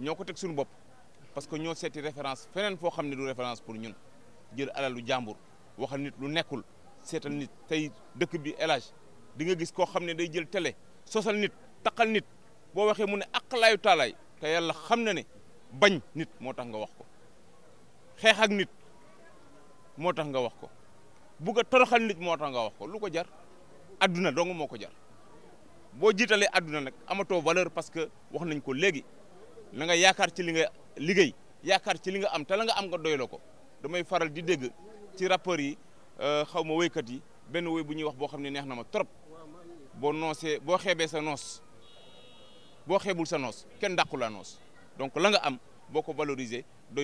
[SPEAKER 5] ñoo ko teg sunu bopp parce que ñoo seeti référence feneen foo xam ne du référence pour ñun jël alalu jàmbur wax nit lu nekkul seetal nit tey dëkk bi élage di nga gis koo xam ne day jël télé sosal nit taqal nit boo waxee mu ne aqalaayu taalaay te yàlla xam na ne bañ nit moo tax nga wax ko xeex ak nit moo tax nga wax ko bugg a toroxal nit moo tax nga wax ko lu ko jar adduna dong moo ko jar boo jiitalee adduna nag amatoo valeur parce que wax nañ ko léegi la nga yaakaar ci li nga liggéey yaakaar ci li nga am te la nga am nga doyloo ko damay faral di dégg ci rappeurs yi euh, xaw ma woykat yi benn woy bu ñuy wax boo xam ne neex na ma trop boo noosee boo xeebee sa noos boo xeebul sa noos kenn dàqu la noos donc la nga am boo ko valoriser doy